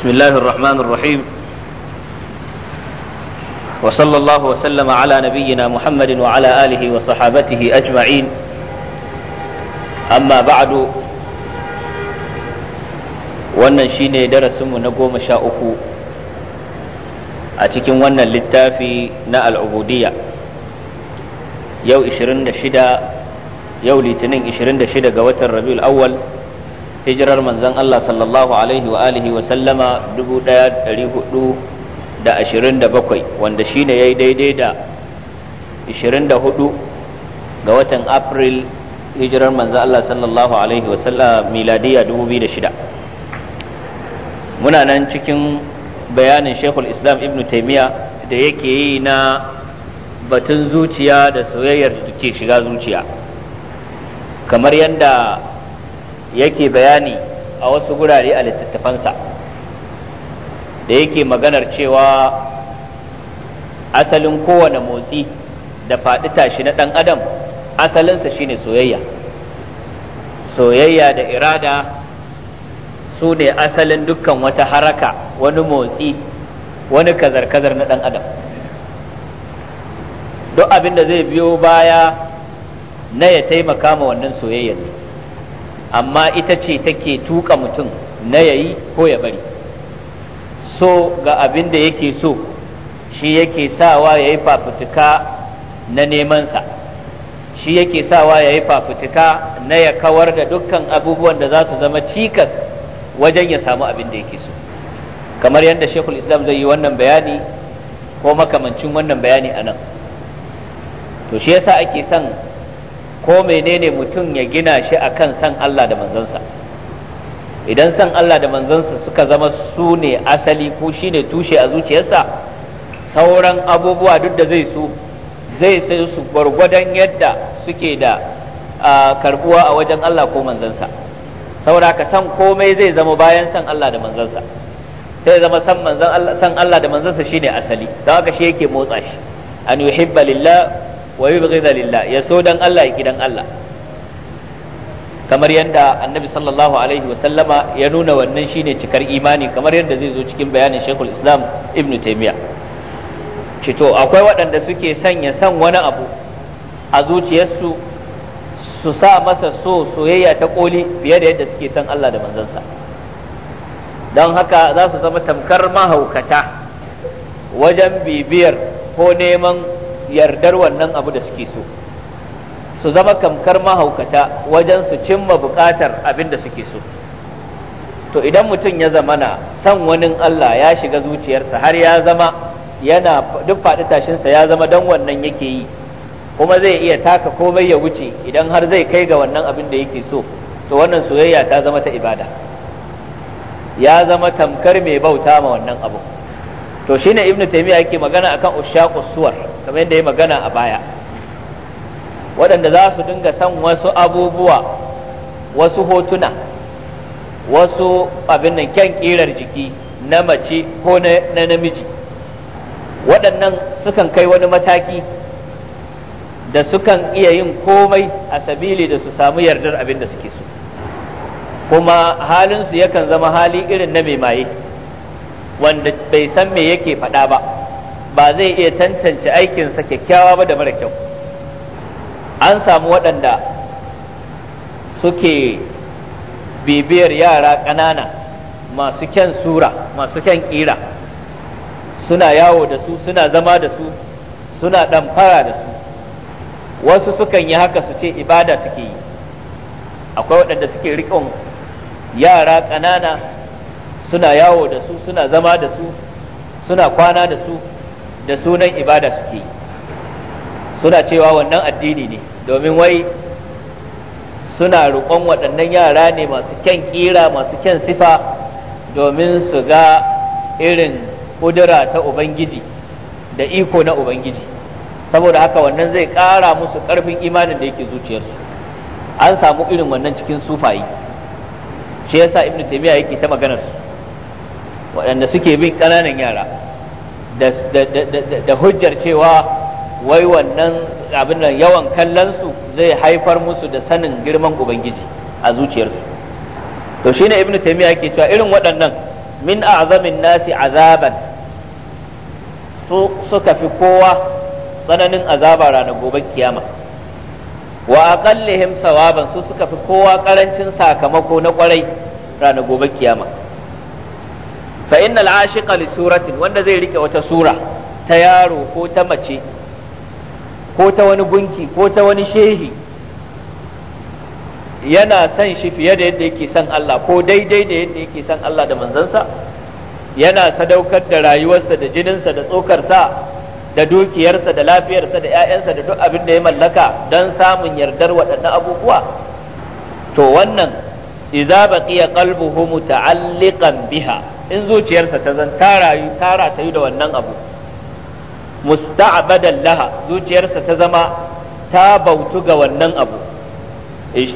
بسم الله الرحمن الرحيم وصلى الله وسلم على نبينا محمد وعلى آله وصحابته أجمعين أما بعد وننشين درس من قوم شاؤكو أتكن ون للتافي ناء العبودية يو إشرند شدا يو لتنين إشرند شدا قوة الربيع الأول hijirar manzon Allah sallallahu alaihi wa alihi wa sallama 1427 wanda shine yayi daidai da 24 ga watan April hijirar manzon Allah sallallahu alaihi wa sallam miladiya 2006 muna nan cikin bayanin Sheikhul Islam Ibn Taymiyyah da yake yi na batun zuciya da soyayyar da ke shiga zuciya kamar yadda yake bayani a wasu gurare a littattafansa da yake maganar cewa asalin kowane motsi da faɗi tashi na ɗan adam asalinsa shine soyayya soyayya da irada su ne asalin dukkan wata haraka wani motsi wani kazar-kazar na ɗan adam duk abin da zai biyo baya na ya taimaka ma wannan soyayyar ne amma ita ce take tuka mutum na yayi ko ya bari so ga abin da yake so shi yake sawa ya fafutuka na nemansa shi yake sawa yayi yi fafutuka na ya kawar da dukkan abubuwan da za su zama cikas wajen ya samu abin da yake so kamar yadda shekul islam zai yi wannan bayani ko makamancin wannan bayani a nan to shi yasa ake son ko menene mutum ya gina shi akan san Allah da manzansa idan san Allah da manzansa suka zama su ne asali ko shi ne tushe a zuciyarsa sauran abubuwa duk da zai su, zai sai su gwargwadon yadda suke da karbuwa a wajen Allah ko manzansa saboda ka san komai zai zama bayan san Allah da manzansa sai zama san manzan Allah san Allah da manzansa shine asali don haka shi yake motsa shi an yuhibba lillah wa yubghidha lillah ya so dan Allah ya gidan Allah kamar yadda annabi sallallahu alaihi wa sallama ya nuna wannan shine cikar imani kamar yadda zai zo cikin bayanin shekul islam Ibn taimiyya ce to akwai waɗanda suke sanya san wani abu a zuciyarsu su sa masa so soyayya ta koli fiye da yadda suke san Allah da manzansa don haka za su zama tamkar mahaukata wajen bibiyar ko neman yardar wannan abu da suke so su zama kamkar mahaukata wajen su cimma bukatar abin da suke so to idan mutum ya zama na san wani Allah ya shiga zuciyarsa har ya zama yana duk faɗi tashinsa ya zama don wannan yake yi kuma zai iya taka komai ya wuce idan har zai kai ga wannan abin da yake so to wannan soyayya ta zama ta ibada ya zama tamkar mai bauta ma wannan abu to shine ibnu taymiya yake magana akan ushaqus suwar kamar yadda ya magana a baya waɗanda za su dinga san wasu abubuwa wasu hotuna wasu abin nan kyan kirar jiki na mace ko na namiji waɗannan sukan kai wani mataki da sukan iya yin komai a sabili da su samu yardar abin da suke so kuma halinsu yakan zama hali irin na mai maye wanda bai san me yake faɗa ba ba zai iya tantance aikinsa kyakkyawa ba da mara kyau an samu waɗanda suke bibiyar yara ƙanana masu kyan sura masu kyan ƙira suna yawo da su suna zama da su suna ɗamfara da su wasu sukan yi haka su ce ibada suke yi akwai waɗanda suke riƙon yara ƙanana suna yawo da su suna zama da su suna kwana da su da sunan ibada suke suna cewa wannan addini ne domin wai suna roƙon waɗannan yara ne masu kyan ƙira masu kyan sifa domin su ga irin ƙudura ta ubangiji da iko na ubangiji saboda haka wannan zai ƙara musu ƙarfin imanin da yake zuciyarsu an samu irin wannan cikin sufayi shi yasa ibnu taymiya yake ta maganar waɗanda suke bin ƙananan yara da hujjar cewa wai wannan abin nan yawan kallonsu zai haifar musu da sanin girman ubangiji a zuciyarsu to shine ibnu taymiya yake cewa irin waɗannan min a'zamin nasi azaban su suka fi kowa tsananin azaba ranar gobe kiyama wa aqallihim sawaban su suka fi kowa karancin sakamako na kwarai ranar gobe kiyama fa innal ashiqa li suratin wanda zai rike wata sura ta yaro ko ta mace ko ta wani gunki ko ta wani shehi yana son shi fiye da yadda yake son Allah ko daidai da yadda yake son Allah da manzansa yana sadaukar da rayuwarsa da jininsa da tsokarsa da dukiyarsa da lafiyarsa da 'ya'yansa da duk abin da ya mallaka don samun yardar waɗannan abubuwa to wannan idza baqiya qalbuhu muta'alliqan biha in zuciyarsa ta zan ta rayu ta ratayu da wannan abu musta'badan laha zuciyarsa ta zama ta bautu ga wannan abu min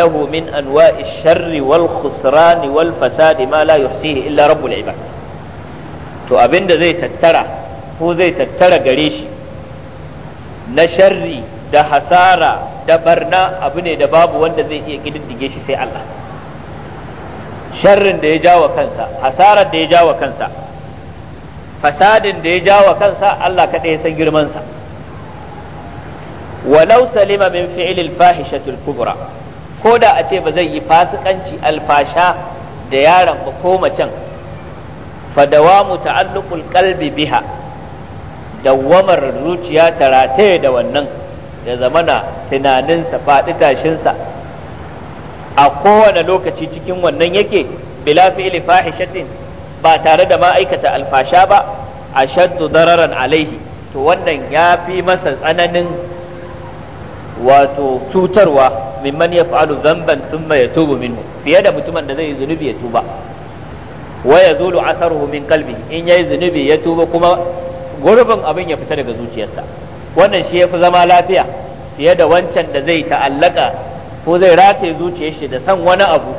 له من wal الشر والخسران والفساد ما لا يحصيه illa رب العباد to abinda zai tattara ko zai tattara gare shi na sharri da hasara da barna abu ne da babu wanda zai iya kididdige shi sai Allah sharrin da ya wa kansa hasarar da ya wa kansa fasadin da ya ja wa kansa Allah kaɗai ya san girmansa walau salima min fi'il fahishatul kubra ko da a ce ba zai yi fasikanci alfasha da yaron ba ko macen dawamu ta'alluqul qalbi biha dawamar zuciya ta rataye da wannan da zamana tunaninsa faɗi tashinsa a kowane lokaci cikin wannan yake bila fi'li fahishatin ba tare da ma'aikata alfasha ba ashaddu dararan alaihi to wannan ya fi masa tsananin wato cutarwa mimman ya fa'alu zamban thumma yatubu minhu fiye da mutumin da zai zunubi ya tuba wa yazulu asaruhu min qalbi in yayi zunubi ya tuba kuma gurbin abin ya fita daga zuciyarsa wannan shi yafi zama lafiya fiye da wancan da zai ta'allaka ko zai rataye zuciyar shi da san wani abu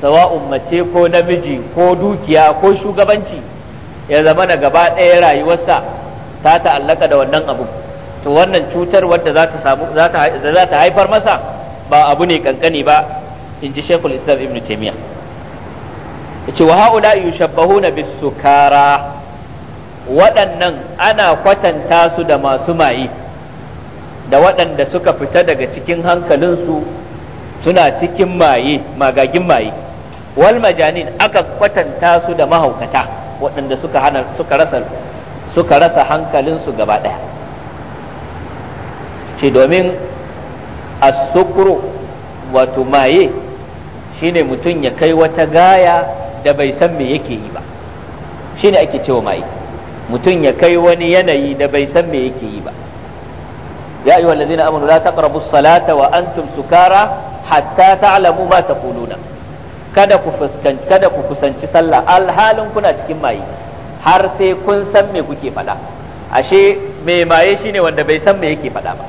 sawa'un mace ko namiji ko dukiya ko shugabanci ya zama na gaba ɗaya rayuwarsa ta ta'allaka da wannan abu to wannan cutar wadda za ta samu za ta haifar masa ba abu ne kankani ba in ji shekul Islam Ibn ya ce wa haula bisu kara. waɗannan ana kwatanta su da masu maye da waɗanda suka fita daga cikin hankalinsu suna cikin maye magagin maye wal majanin aka kwatanta su da mahaukata waɗanda suka hana suka rasa suka rasa hankalinsu gaba ɗaya shi domin asukuru wato maye shine mutum ya kai wata gaya da bai san me yake yi ba shine ake cewa maye mutum ya kai wani yanayi da bai san me yake yi ba ya ayyuhallazina amanu la taqrabu salata wa antum sukara hatta ta'lamu ma taquluna kada ku fuskanci kada ku kusanci sallah alhalin kuna cikin maye har sai kun san me kuke faɗa ashe mai maye shine wanda bai san me yake faɗa ba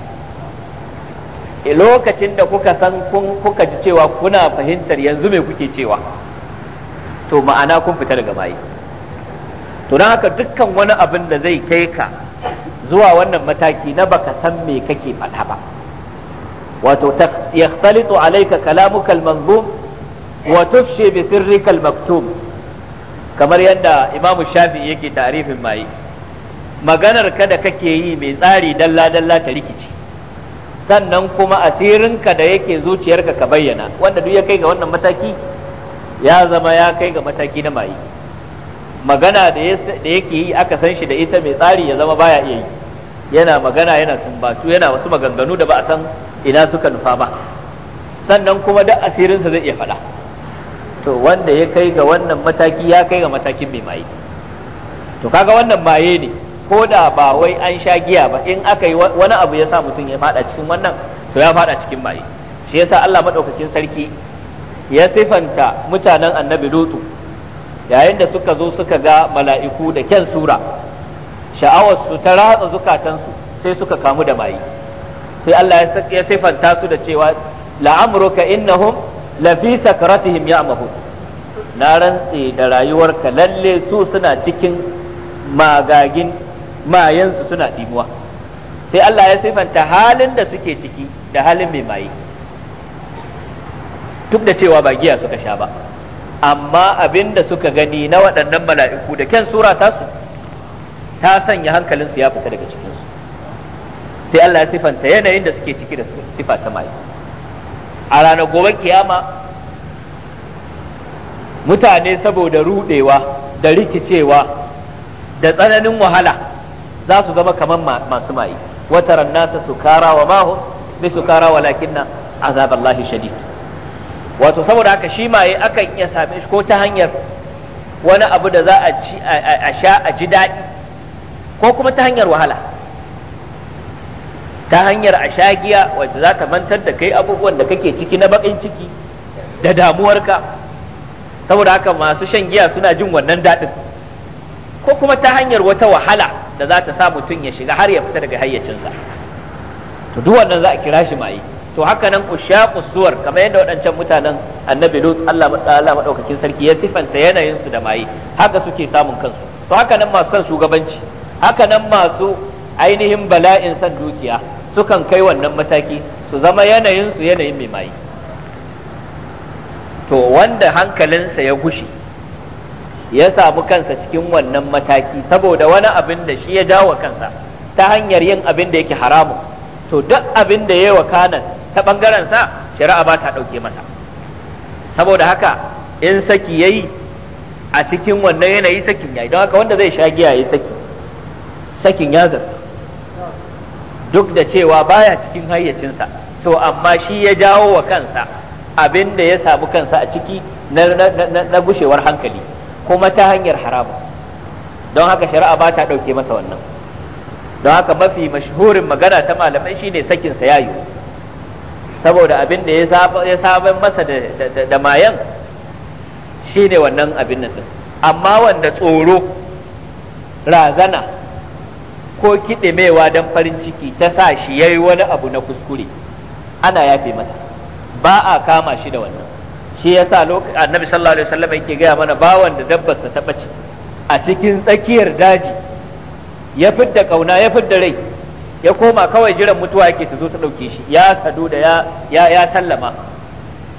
e lokacin da kuka san kun kuka ji cewa kuna fahimtar yanzu me kuke cewa to ma'ana kun fita daga maye to don haka dukkan wani abin da zai kai ka zuwa wannan mataki na baka san me kake faɗa ba wato yakhtalitu alayka kalamuka kalamukal manzum wa tufshi bi sirrika maktum kamar yadda Imamu shafi yake ta'rifin mai maganar ka da kake yi mai tsari dalla dalla ta rikici sannan kuma asirinka da yake zuciyarka ka bayyana wanda duk ya kai ga wannan mataki ya zama ya kai ga mataki na mai magana da yake yi aka san shi da ita mai tsari ya zama baya iya yi yana magana yana sumbatu yana wasu maganganu da ba a san ina suka nufa ba sannan kuma duk asirinsa zai iya faɗa to wanda ya kai ga wannan mataki ya kai ga matakin mai maye to kaga wannan maye ne ko da ba wai an sha giya ba in aka yi wani abu ya sa mutum ya faɗa cikin wannan to ya faɗa cikin maye shi yasa Allah madaukakin sarki ya sifanta mutanen annabi lutu yayin da suka zo suka ga mala'iku da kyan sura sha'awarsu ta ratsa zukatansu sai suka kamu da maye sai Allah ya sifanta su da cewa la'amruka innahum lafi sakaratihim mahu na rantse da rayuwarka lalle su suna cikin magagin mayansu suna ɗimuwa sai Allah ya saifanta halin da suke ciki da halin mai maye duk da cewa ba giya suka sha ba amma abin da suka gani na waɗannan mala'iku da kyan sura tasu su ta sanya hankalin su ya fita daga cikinsu sai Allah ya sifanta yanayin da suke ciki da sifa ta maye a ranar gobe kiyama mutane saboda rudewa da rikicewa da tsananin wahala za su zama kamar masu maye wataran su sukara wa mahu bi sukara azab Allah shadid wato saboda haka shi maye akan iya same shi ko ta hanyar wani abu da za a a sha a ji daɗi ko kuma ta hanyar wahala ta hanyar ashagiya wanda za ta mantar da kai abubuwan da kake ciki na bakin ciki da damuwarka saboda haka masu shan giya suna jin wannan daɗin ko kuma ta hanyar wata wahala da za ta sa mutum ya shiga har ya fita daga hayyacinsa to duk wannan za a kira shi maye to haka nan sha kusuwar kamar yadda waɗancan mutanen annabi lut Allah Allah madaukakin sarki ya sifanta yanayin su da maye haka suke samun kansu to haka nan masu son shugabanci haka nan masu ainihin bala'in san dukiya sukan kai wannan mataki su zama yanayin su yanayin mai mai to wanda hankalinsa ya gushi ya samu kansa cikin wannan mataki saboda wani abin da shi ya jawa kansa ta hanyar yin abin da yake haramu to duk abin da ya yi wa kanan ta bangaren sa shari'a ba ta ɗauke masa saboda haka in saki yayi a cikin wannan yanayi sakin yayi don haka wanda zai sha giya yayi saki sakin yazar duk da cewa baya cikin hayyacinsa to amma shi ya jawo wa kansa abin da ya samu kansa a ciki na gushewar hankali kuma ta hanyar haraba don haka shari'a ba ta ɗauke masa wannan don haka mafi mashhurin magana ta malamai shine sakinsa ya yiwu saboda abin da ya saban masa da mayan shine wannan abin nan amma wanda tsoro razana ko kiɗimewa don farin ciki ta sa shi yayi wani abu na kuskure ana yafe masa ba a kama shi da wannan shi yasa lokacin annabi sallallahu alaihi wasallam yake gaya mana bawan da dabbarsa ta bace a cikin tsakiyar daji ya fidda kauna ya fidda rai ya koma kawai jiran mutuwa yake ta zo ta ɗauke shi ya sadu da ya ya, sallama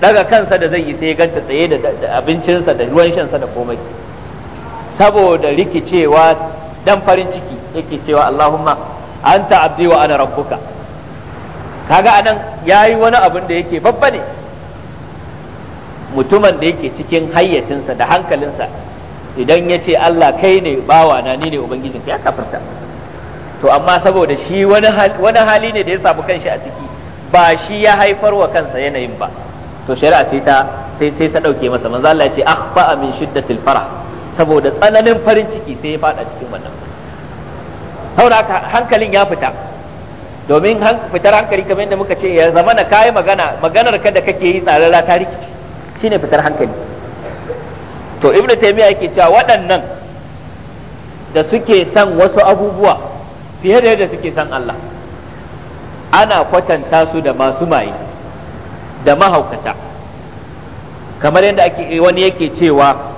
daga kansa da zai yi sai ganta tsaye da abincinsa da ruwan shansa da komai saboda rikicewa dan farin ciki yake cewa Allahumma anta abdi wa ana rabbuka kaga anan yayi wani abin da yake babba ne mutumin da yake cikin hayyacinsa da hankalinsa idan ya ce Allah kai ne bawa na ni ne ubangijinka ya kafarta to amma saboda shi wani hali ne da ya samu kanshi a ciki ba shi ya haifar wa kansa yanayin ba to shari'a sai ta sai ta dauke masa manzo Allah ya ce akhfa min shiddatil farah saboda tsananin farin ciki sai ya fada cikin wannan saboda hankalin ya fita domin fitar hankali kamar yadda muka ce ya zama na kayi magana maganar kada kake yi tsarara ta rikici shine fitar hankali to ibnu taymiya yake cewa waɗannan da suke san wasu abubuwa fiye da yadda suke san Allah ana kwatanta su da masu maye da mahaukata kamar yadda wani yake cewa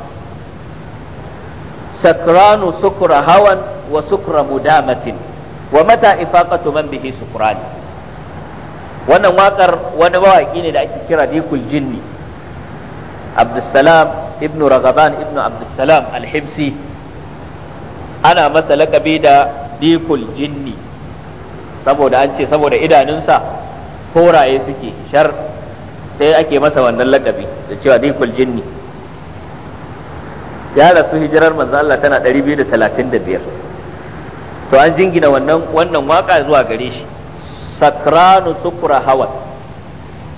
sakranu sukura hawan wa sukra mudamatin wa mata ifaqatu man sukura ne. wannan wakar wani mawaki ne da ake kira Dikul Jinni Abdussalam ibn Ragaban ibn Abdussalam al ana masa lakabi da Dikul Jinni saboda an ce saboda idanunsa koraye suke shar sai ake masa wannan lakabi da cewa Dikul Jinni ya rasu hijirar manzo Allah tana 235 to an jingina wannan wannan waka zuwa gare shi sakranu Sukura hawa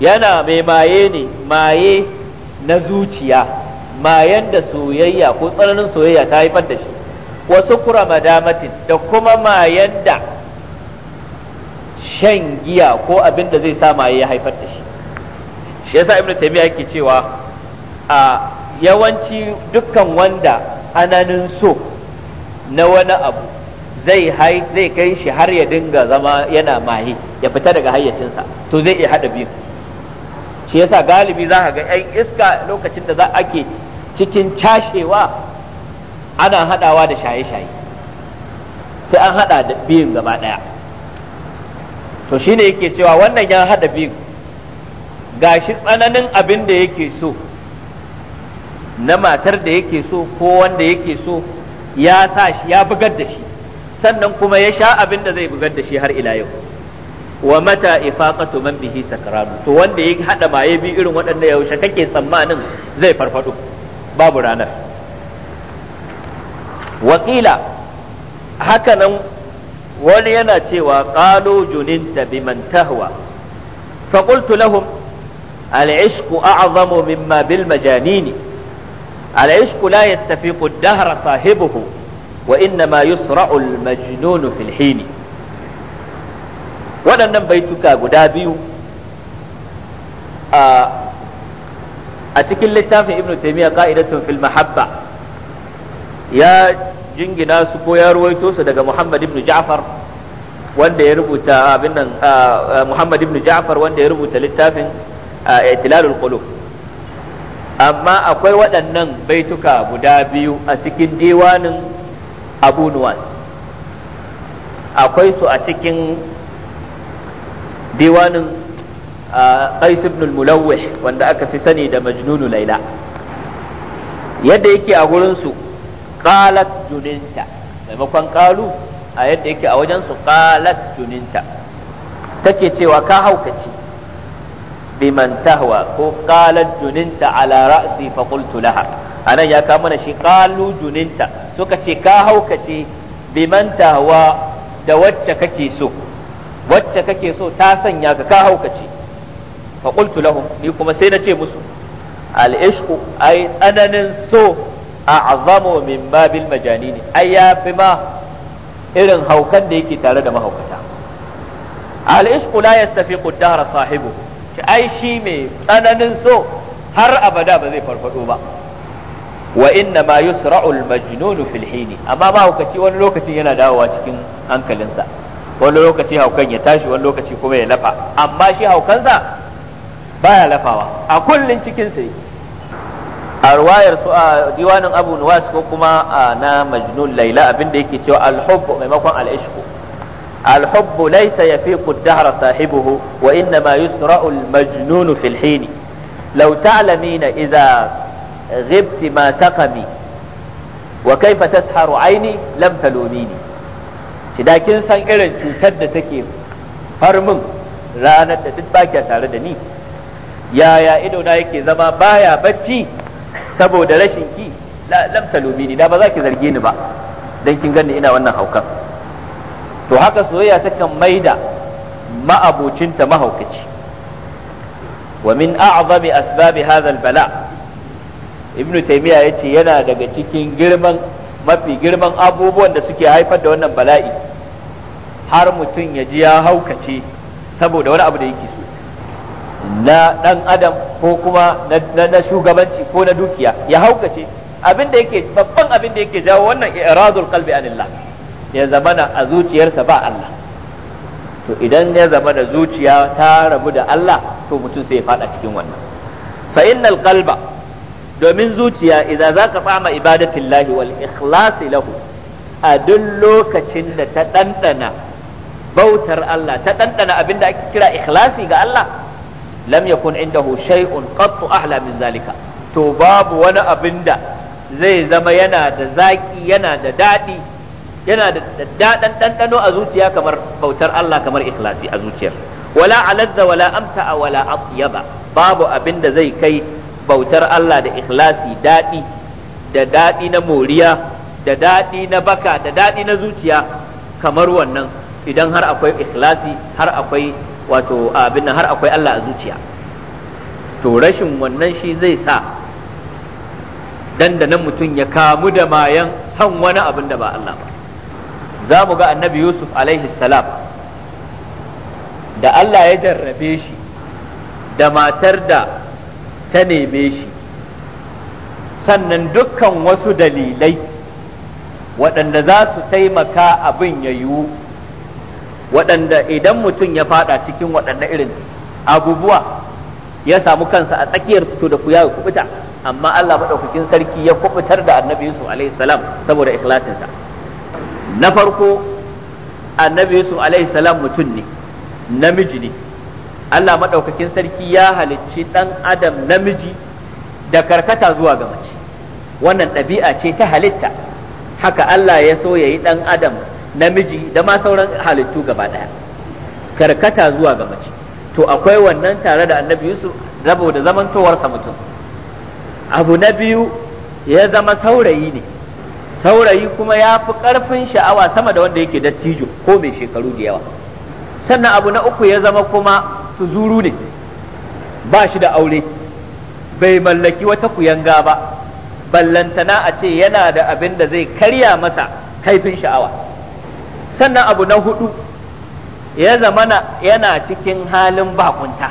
yana mai maye ne maye na zuciya mayan da soyayya ko tsananin soyayya ta haifar da shi wa sukura madamatin da kuma mayan da shan giya ko abin da zai sa maye ya haifar da shi shi yasa ibnu taymiya yake cewa a yawanci dukkan wanda ananin so na wani abu zai zai kai shi har ya dinga zama yana mahi ya fita daga hayyacinsa to zai iya haɗa biyu shi yasa galibi za ka ga 'yan iska lokacin da za ake cikin cashewa ana haɗawa da shaye-shaye sai an haɗa da biyun gaba ɗaya to shine yake cewa wannan ya haɗa biyun shi tsananin abin da yake so na matar da yake so ko wanda yake so ya sa shi ya bugar da shi sannan kuma ya sha abin da zai bugar da shi har ila yau wa mata ifaqatu man bihi sakranu to wanda ya hada maye bi irin waɗannan yaushe kake tsammanin zai farfado babu ranar wakila haka nan wani yana cewa qalu juninta biman tahwa fa qultu lahum al-ishqu a'zamu mimma bil majanini العشق لا يستفيق الدهر صاحبه وإنما يسرع المجنون في الحين waɗannan baituka guda biyu a cikin littafin ibnu taimiya ka'idatun fil ya jingina su ko ya ruwaito su daga muhammad ibn ja'far wanda ya rubuta abin nan muhammad ibn ja'far wanda ya rubuta littafin itilalul qulub amma akwai waɗannan baituka guda biyu a cikin diwanin abu nuwas akwai su a cikin diwanin qais ibn al-mulawih wanda aka fi sani da majnunu laila yadda yake a gurin su qalat juninta maimakon qalu a yadda yake a wajen su qalat juninta take cewa ka haukace biman tahwa ko qalat juninta ala ra'si fa qultu laha anan ya kawo mana shi qalu juninta suka ce ka haukace biman tahwa da wacce kake so wacce kake so ta sanya ka ka haukace fa qultu lahum ni kuma sai na ce musu al ishqu ai tsananin so a'zamu min babil majanini ai yafi ma irin haukan da yake tare da mahaukata al ishqu la yastafiqu ad-dahr sahibuhu ci ai shi mai tsananin so har abada ba zai farfado ba wa inna ma yusra'u al-majnun fil hini amma ba hukaci wani lokaci yana dawowa cikin hankalinsa wani lokaci haukan ya tashi wani lokaci kuma ya lafa amma shi haukansa baya lafawa a kullun cikin sai a ruwayar su a diwanin abu nuwas ko kuma na majnun laila abinda yake cewa al hubb maimakon al ishq alhubbu laysa yafiqu ad sahibu sahibuhu wa inna ma yusra'u al-majnun fil hin law ta'lamina idha wa kaifa tasharu aini lam talumini shi kin san irin cutar da take har ranar da duk baki tare da ni yaya idona yake zama baya bacci saboda rashin ki lam talumini da ba zaki ki zarge ni ba dan kin ganni ina wannan haukan to haka soyayya takan maida ma'abucinta mahaukaci wa min a'zami asbabi hadha bala ibnu taymiya yace yana daga cikin girman mafi girman abubuwan da suke haifar da wannan bala'i har mutum ya ji ya haukace saboda wani abu da yake so na dan adam ko kuma na shugabanci ko na dukiya ya haukace abin da yake babban abin da yake jawo wannan i'radul qalbi anillah ya zama a zuciyarsa ba Allah to idan ya zama da zuciya ta rabu da Allah to mutum sai ya fada cikin wannan fa innal qalba domin zuciya idan zaka fama ibadatillahi wal ikhlas lahu a duk lokacin da ta dandana bautar Allah ta dandana abinda ake kira ikhlasi ga Allah lam yakun indahu shay'un qattu ahla min zalika to babu wani abinda zai zama yana da zaki yana da daɗi yana da daɗan ɗanɗano a zuciya kamar bautar Allah kamar ikhlasi a zuciyar wala alazza wala amta wala atyaba babu abin da zai kai bautar Allah da ikhlasi daɗi da daɗi na moriya da daɗi na baka da daɗi na zuciya kamar wannan idan har akwai ikhlasi har akwai wato abin nan har akwai Allah a zuciya to rashin wannan shi zai sa dandanan mutum ya kamu da mayan san wani abin da ba Allah ba za mu ga annabi yusuf alaihi salam da allah ya jarrabe shi da matar da ta neme shi sannan dukkan wasu dalilai waɗanda za su taimaka abin ya yiwu waɗanda idan mutum ya fada cikin waɗanda irin abubuwa ya samu kansa a tsakiyar to da kuya ya kubuta amma Allah maɗaukakin sarki ya kubutar da annabi Yusuf alaihi salam saboda ikhlasinsa na farko annabi su alaihi salam mutum ne namiji ne Allah maɗaukakin sarki ya halicci ɗan adam namiji da karkata zuwa ga mace wannan ɗabi'a ce ta halitta haka Allah ya so ya yi ɗan adam namiji da ma sauran halittu gaba ɗaya karkata zuwa ga mace to akwai wannan tare da annabi yusuf saboda zamantowarsa mutum abu na biyu ya zama saurayi ne saurayi kuma ya fi ƙarfin sha'awa sama da wanda yake dattijo ko mai shekaru da yawa sannan abu na uku ya zama kuma tuzuru ne ba shi da aure bai mallaki wata kuyanga ba ballantana a ce yana da abin da zai karya masa kaifin sha'awa sannan abu na hudu ya zama yana cikin halin bakunta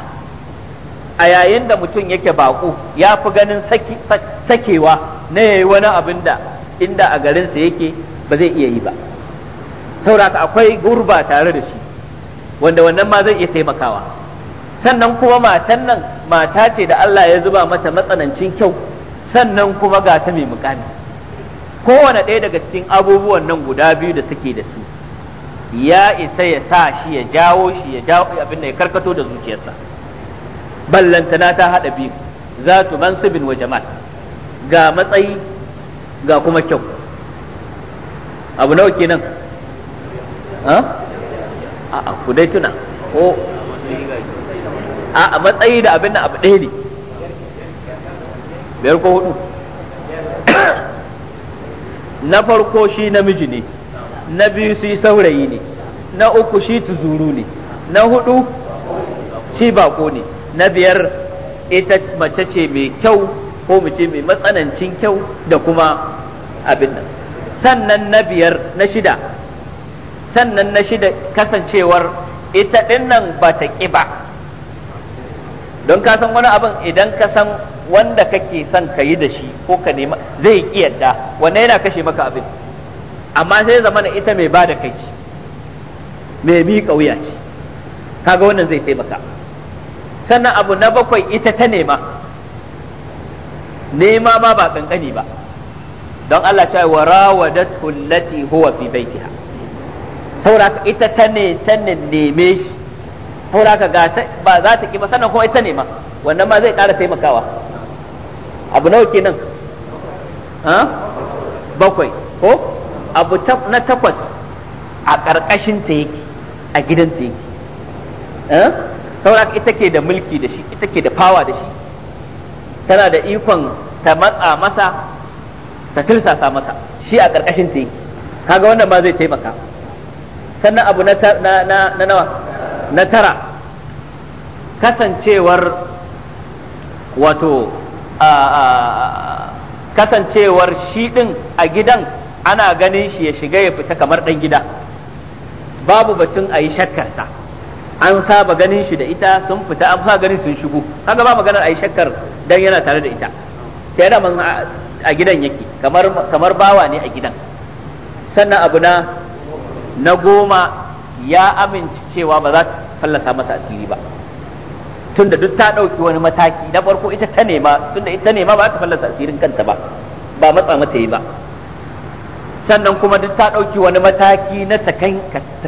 a yayin da mutum yake baku ya fi ganin sakewa na yayi wani abin da inda a garinsa yake ba zai iya yi ba saura sauraka akwai gurba tare da shi wanda wannan ma zai iya taimakawa sannan kuma matan nan mata ce da Allah ya zuba mata matsanancin kyau sannan kuma ga ta mai mukami kowane ɗaya daga cikin abubuwan nan guda biyu da take da su ya isa ya sa shi ya jawo shi ya jawo abin da ya karkato da zuciyarsa ballantana ta haɗa biyu za tu mansibin wa jama'a ga matsayi ga kuma kyau abu nawa kenan a ku dai tuna ko a matsayi da abin abu ɗaya ne biyar ko hudu na farko shi namiji ne na biyu shi saurayi ne na uku shi tuzuru ne na hudu shi bako ne na biyar ita mace ce mai kyau ko mu ce mai matsanancin kyau da kuma abin nan sannan na biyar na shida sannan na shida kasancewar ita ɗin nan ba ta ƙi ba don ka san wani abin idan ka san wanda kake son ka yi da shi ko ka nema zai ƙi yadda wanda yana kashe maka abin amma sai zama na ita mai ba da kai ce mai bi ƙauya ce kaga wannan zai taimaka sannan abu na bakwai ita ta nema nema ma ba kankani ba don Allah cewa wa rawadat allati huwa fi baitiha saboda ita ta ne ta neme shi saboda ga ba za ta ki ba sannan kuma ita ne ma wannan ma zai ƙara taimakawa abu nawa kenan ha bakwai ko abu na takwas a ƙarƙashin ta yake a gidan ta yake saboda ita ke da mulki da shi ita ke da power da shi tana da ikon ta matsa masa ta tilsasa masa shi a ƙarƙashin ta kaga wannan ba zai taimaka sannan abu na nawa na tara kasancewar wato kasancewar shi ɗin a gidan ana ganin shi ya shiga ya fita kamar ɗan gida babu batun a yi shakkarsa an saba ganin shi da ita sun fita an saba ganin sun shigo kaga ba maganar ai shakkar dan yana tare da ita sai da man a gidan yake kamar kamar bawa ne a gidan sannan abu na na goma ya amince cewa ba za ta fallasa masa asiri ba tunda duk ta ɗauki wani mataki na farko ita ta nema tunda ita nema ba ta fallasa asirin kanta ba ba matsa mata yi ba sannan kuma duk ta ɗauki wani mataki na ta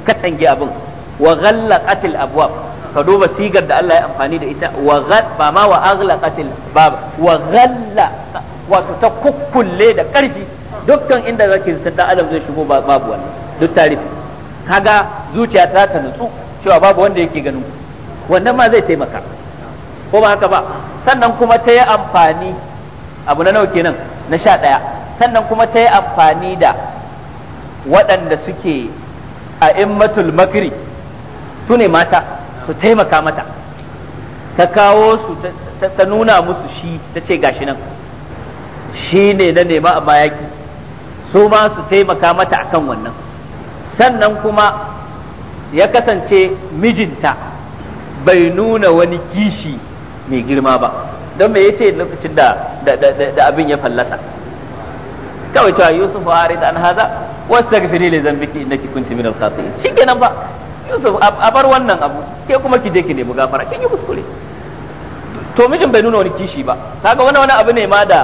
katange abin wa ghallaqatil abwab ka duba sigar da Allah ya amfani da ita wa ba ma wa aghlaqatil bab wa ghalla wato ta kukkulle da karfi dukkan inda zaki zata adam zai shigo babu wannan duk tarifi kaga zuciya ta ta nutsu cewa babu wanda yake ganin wannan ma zai taimaka ko ba haka ba sannan kuma ta yi amfani abu na nawa kenan na sha ɗaya sannan kuma ta yi amfani da waɗanda suke a immatul makri su ne mata su taimaka mata ta kawo su ta nuna musu shi ta ce gashi nan shi ne na nema a bayaki su ma su taimaka mata akan wannan sannan kuma ya kasance mijinta bai nuna wani kishi mai girma ba don me yace lokacin da da abin ya fallasa kawai cewa yusuf wa harita an haza wasu wastaghfiri li dhanbiki innaki kunti minal khati'in shikenan ba Yusuf a bar wannan abu ke kuma ki je ki nemi gafara kin yi kuskure to mijin bai nuna wani kishi ba kaga wani wani abu ne ma da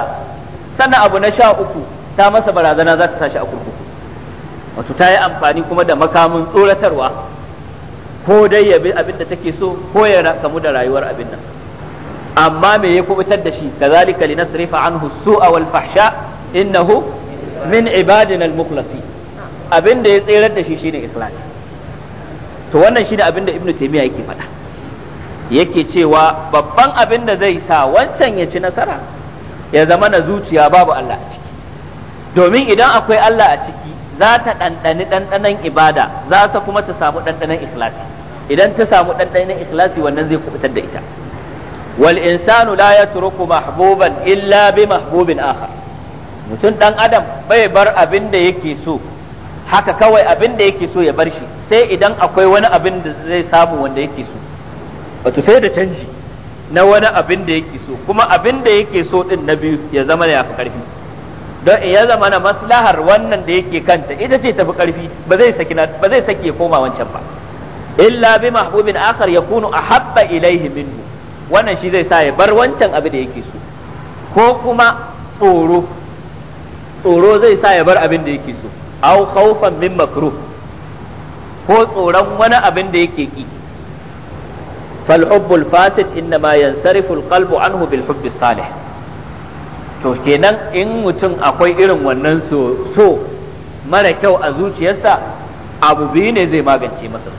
sannan abu na sha uku ta masa barazana za ta sashi a kurkuku wato ta yi amfani kuma da makamin tsoratarwa ko dai ya bi abin da take so ko ya kamu da rayuwar abin nan amma me ya kubutar da shi kazalika nasrifa anhu su'a wal fahsha innahu min ibadina al-mukhlasin abin da ya tserar da shi shine ikhlasi to wannan shine abin da ibnu taymiya yake faɗa yake cewa babban abin da zai sa wancan ya ci nasara ya zama na zuciya babu Allah a ciki domin idan akwai Allah a ciki za ta ɗanɗani ɗanɗanan ibada za ta kuma ta samu ɗanɗanan ikhlasi idan ta samu ɗanɗanan ikhlasi wannan zai kubutar da ita wal insanu la yatruku mahbuban illa bi mahbubin akhar mutum dan adam bai bar abin da yake so haka kawai abin da yake so ya bar shi sai idan akwai wani abin da zai samu wanda yake so wato sai da canji na wani abin da yake so kuma abin da yake so din na biyu ya zama ya fi karfi don ya zama na maslahar wannan da yake kanta ita ce tafi karfi ba zai saki ba zai saki ya koma wancan ba illa bi mahbubin akhar yakunu ahabba ilaihi minhu wannan shi zai sa ya bar wancan abin da yake so ko kuma tsoro tsoro zai sa ya bar abin da yake so aw khawfan min makruh ko tsoron wani abin da yake ki falhubbul fasid ma yansariful qalbu anhu bil hubbi salih to kenan in mutum akwai irin wannan so so mara kyau a zuciyarsa abu biyu ne zai magance masa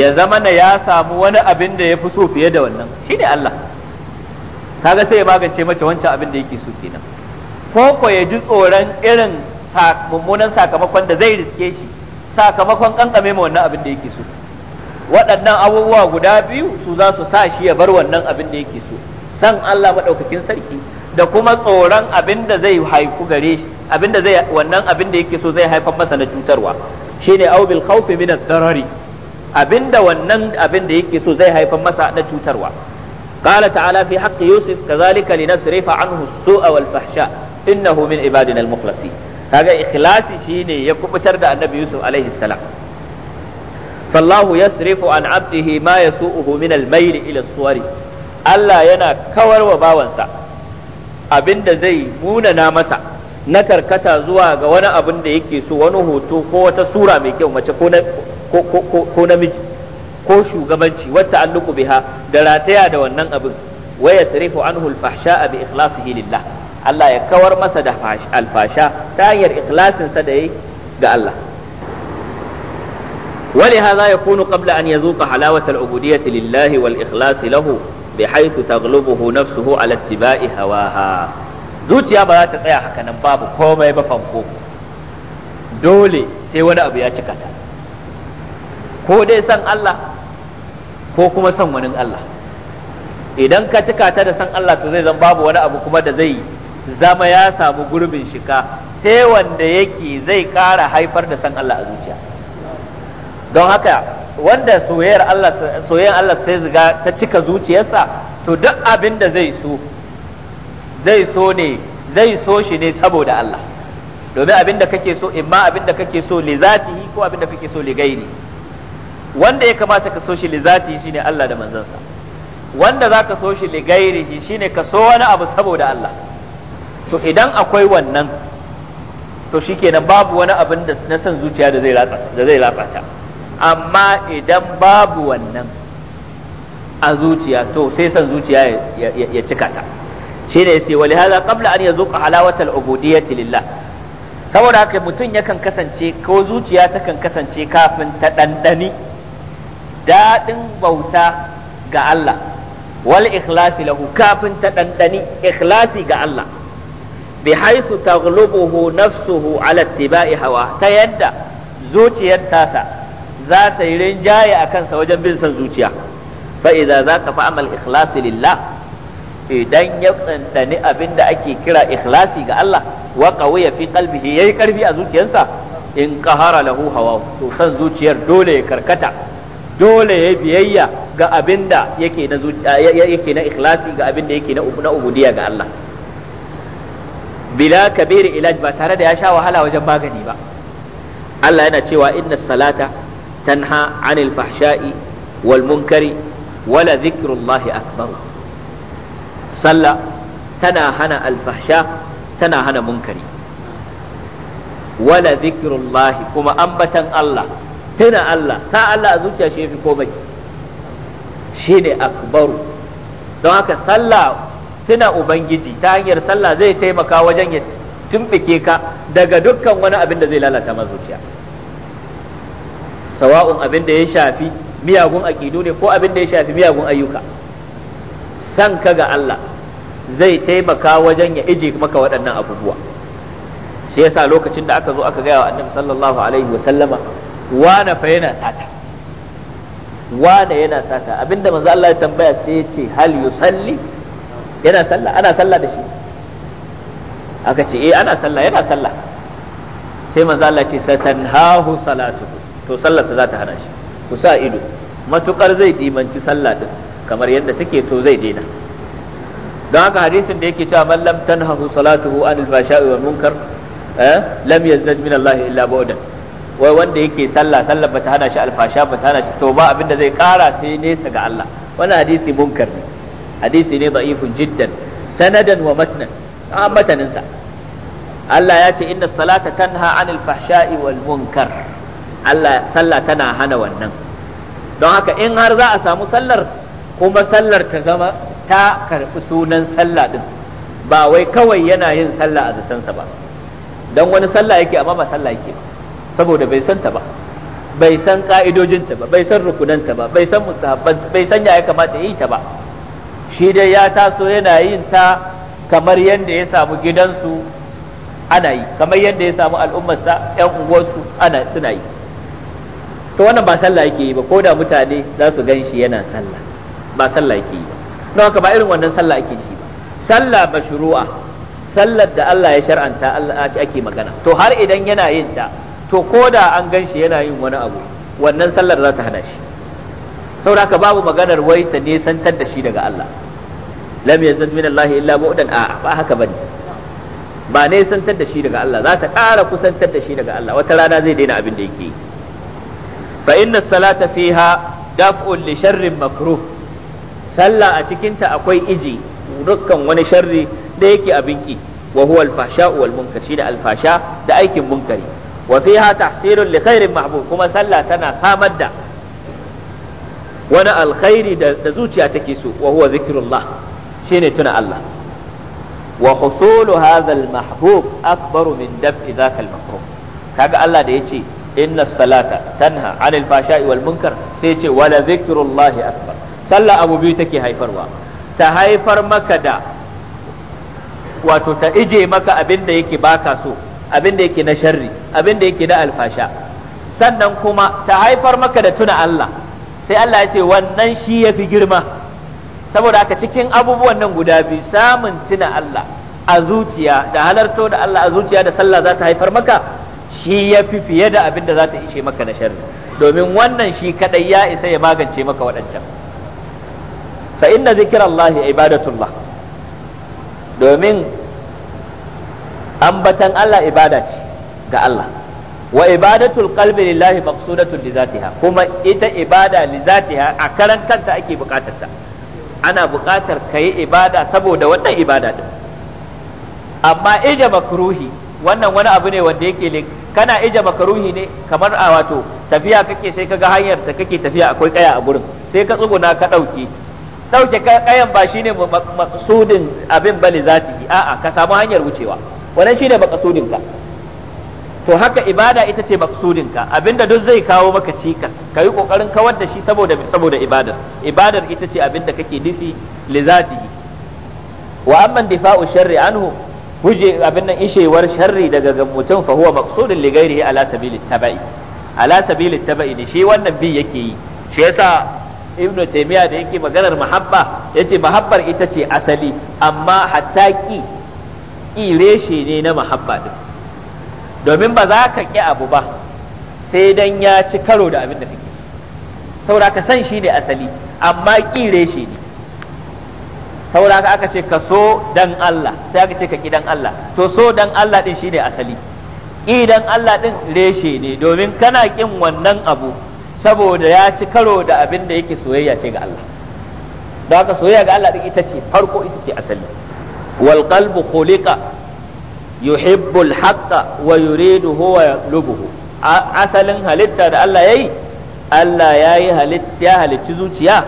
ya zama na ya samu wani abin da ya fi so fiye da wannan shine Allah kaga sai ya magance mace wancan abin da yake so kenan ko ko ya ji tsoron irin mummunan sakamakon da zai riske shi sakamakon kankame ma wannan abin da yake so waɗannan abubuwa guda biyu su za su sa shi ya bar wannan abin da yake so san Allah maɗaukakin sarki da kuma tsoron abin da zai haifu gare shi abin da zai wannan abin da yake so zai haifar masa na cutarwa shine au bil khawfi min ad-darari abin da wannan abin da yake so zai haifar masa na cutarwa qala ta'ala fi haqqi yusuf kadhalika linasrifa anhu as-su'a wal fahsha innahu min ibadina al-mukhlasin kaga ikhlasi shine ya kubutar da annabi yusuf alaihi salam fallahu yasrifu an abdihi ma yasu'uhu min al-mail ila suwari Allah yana kawar wa bawansa abinda zai munana masa na karkata zuwa ga wani abin da yake so wani hoto ko wata sura mai kyau mace ko ko namiji ko shugabanci wata alluku biha da rataya da wannan abin waya sarifu anhu al-fahsha'a bi ikhlasihi lillah Allah ya kawar masa da alfasha ta hanyar ikhlasinsa da yai ga Allah ولهذا يكون قبل أن يذوق حلاوة العبودية لله والإخلاص له بحيث تغلبه نفسه على اتباع هواها zuciya ba ta tsaya haka babu komai ba fanko dole sai wani abu ya cika ko dai san Allah ko kuma san wani Allah idan ka cika ta da san Allah to zai zan babu wani abu kuma da zai zama ya samu gurbin shika sai wanda yake zai kara haifar da san Allah a zuciya don haka wanda soyayyar Allah soyayyar Allah sai ziga ta cika zuciyarsa to duk abin da zai so zai so ne zai so shi ne saboda Allah domin abin da kake so imma abin da kake so li zatihi ko abin da kake so li gairi wanda ya kamata ka so shi li zatihi shine Allah da manzansa wanda zaka so shi li gairihi shine ka so wani abu saboda Allah to idan akwai wannan to shikenan babu wani abin da na san zuciya da zai da amma idan babu wannan a zuciya to sai san zuciya ya cika ta shine yace wali Haza qabla an yazuqa halawatal ubudiyyati lillah saboda haka mutum yakan kasance ko zuciya takan kasance kafin ta dandani daɗin bauta ga Allah wal ikhlasi lahu kafin ta dandani ikhlasi ga Allah bi haisu taghlubuhu nafsuhu ala tibai hawa ta yadda zuciyarta sa za ta yi rinjaye a kansa wajen bin son zuciya fa idza zaka fa amal ikhlasi lillah idan ya tsandani abinda ake kira ikhlasi ga Allah wa qawiya fi qalbihi yayi karfi a zuciyarsa in qahara lahu hawa to son zuciyar dole ya karkata dole ya biyayya ga abinda yake na yake na ikhlasi ga abinda yake na ubudiyya ga Allah bila kabiri ilaj ba tare da ya sha wahala wajen magani ba Allah yana cewa inna salata tanha anil fahsha'i wal munkari wala zikrullahi akbar sallah tana hana alfahsha tana hana munkari wala zikrullahi kuma ambatan Allah Tana Allah ta Allah a zuciya shi fi komai shine akbaru don haka sallah tuna ubangiji ta hanyar sallah zai taimaka wajen ya tumbike ka daga dukkan wani abin da zai lalata ma zuciya sawa'un abin da ya shafi miyagun aqidu ne ko abin da ya shafi miyagun ayyuka san ka ga Allah zai taimaka wajen ya ije maka waɗannan abubuwa shi yasa lokacin da aka zo aka gaya wa annabi sallallahu alaihi wa sallama wane fa yana sata wane yana sata abinda manzo Allah ya tambaya sai ya ce hal yusalli yana sallah ana sallah da shi aka ce eh ana sallah yana sallah sai manzo Allah ce satanhahu salatuhu to sallarsa za ta hana shi ku sa ido matukar zai dimanci sallah din kamar yadda take to zai daina don haka hadisin da yake cewa man lam tanhahu salatuhu al fashai wal munkar eh, lam yazdad min Allah illa bu'dan wai wanda yake sallah sallar bata hana shi alfasha bata hana shi to ba abinda zai kara sai nesa ga Allah wannan hadisi munkar ne hadisi ne da'ifun jiddan sanadan wa matnan a matanin Allah ya ce inna salata tanha anil fahsha'i wal munkar Allah sallah tana hana wannan don haka in har za a samu sallar kuma sallar ta zama ta karɓi sunan sallah din ba wai kawai yana yin sallah a zatansa ba don wani sallah yake amma ba sallah yake saboda bai san ta ba bai san ka'idojinta ba bai san rukunanta ba bai san mustahabbanta bai san ya kamata yi ta ba shi dai ya taso yana yin ta kamar yadda ya samu gidansu ana yi kamar yadda ya samu al'ummarsa yan unguwarsu ana suna yi to wannan ba sallah yake yi ba ko da mutane za su gan shi yana sallah ba sallah yake yi ba don haka ba irin wannan sallah ake yi ba sallah mashru'a sallar da Allah ya shar'anta Allah ake magana to har idan yana yin ta to ko da an gan shi yana yin wani abu wannan sallar za ta hana shi saboda haka babu maganar wai ta nesantar da shi daga Allah lam yazid min Allah illa bu'dan a ba haka bane ba ne santar da shi daga Allah za ta ƙara kusantar da shi daga Allah wata rana zai daina abin da yake fa inna salata fiha daf'un li sharrin makruh sallah a cikinta akwai iji dukkan wani sharri da yake abin ki wa huwa al-fahsha wal munkar shine al-fasha da aikin munkari wa fiha tahsirun li khairin mahbub kuma sallah tana samar da wani alkhairi da zuciya take so wa huwa zikrullah shine tuna Allah wa husulu hadha al-mahbub akbaru min daf'i dhaka al-makruh kaga Allah da yace inna salata tanha 'anil fashai wal munkar sai yace wala dhikrullahi akbar sallah abu biyu take haifarwa ta haifar maka da wato ta ije maka abinda da yake baka so Abinda da yake na sharri Abinda da yake na alfasha sannan kuma ta haifar maka da tuna Allah sai Allah ya ce wannan shi yafi girma saboda haka cikin abubuwan nan guda biyu samun tuna Allah a zuciya da halarto da Allah a zuciya da sallah za ta haifar maka shi ya fi fiye da abin da za ta ishe maka na sharri domin wannan shi kadai ya isa ya magance maka waɗancan fa inna zikirallahi ibadatullah domin ambatan Allah ibada ce ga Allah wa ibadatul qalbi lillahi maqsudatun li kuma ita ibada li zatiha a karan kanta ake bukatarta ana buƙatar ka yi ibada saboda wannan ibada din amma ija makruhi wannan wani abu ne wanda yake kana ija makruhi ne kamar a wato tafiya kake sai kaga hanyar da kake tafiya akwai kaya a gurin sai ka tsuguna ka ɗauke ɗauke kayan ba shine maksudin abin bali yi. a'a ka samu hanyar wucewa wannan shine maksudin ka to haka ibada ita ce maksudinka abinda duk zai kawo maka cikas kayi kokarin kawar da shi saboda saboda ibadar ibadar ita ce abinda kake nufi li zatihi wa amma difa'u sharri anhu huje abin nan ishewar sharri daga mutum fa huwa maqsudun li ghairihi ala sabili tabai ala sabili tabai ne shi wannan bi yake yi shi yasa ibn taymiya da yake maganar mahabba yace mahabbar ita ce asali amma hatta ki ki reshe ne na mahabba din domin ba za ka ƙi abu ba sai dan ya ci karo da abin da kake saura ka san shi ne asali amma ƙire shi ne saura ka aka ce ka so dan Allah sai aka ce ka ƙi dan Allah to so dan Allah din shi ne asali ƙi dan Allah din reshe ne domin kana ƙin wannan abu saboda ya ci karo da abin da yake soyayya ce ga Allah don haka soyayya ga Allah din ita ce farko ita ce asali wal qalbu khuliqa yuhibbul haqqa wa yuridu huwa yatlubuhu asalin halitta da Allah yayi Allah yayi halitta ya halicci zuciya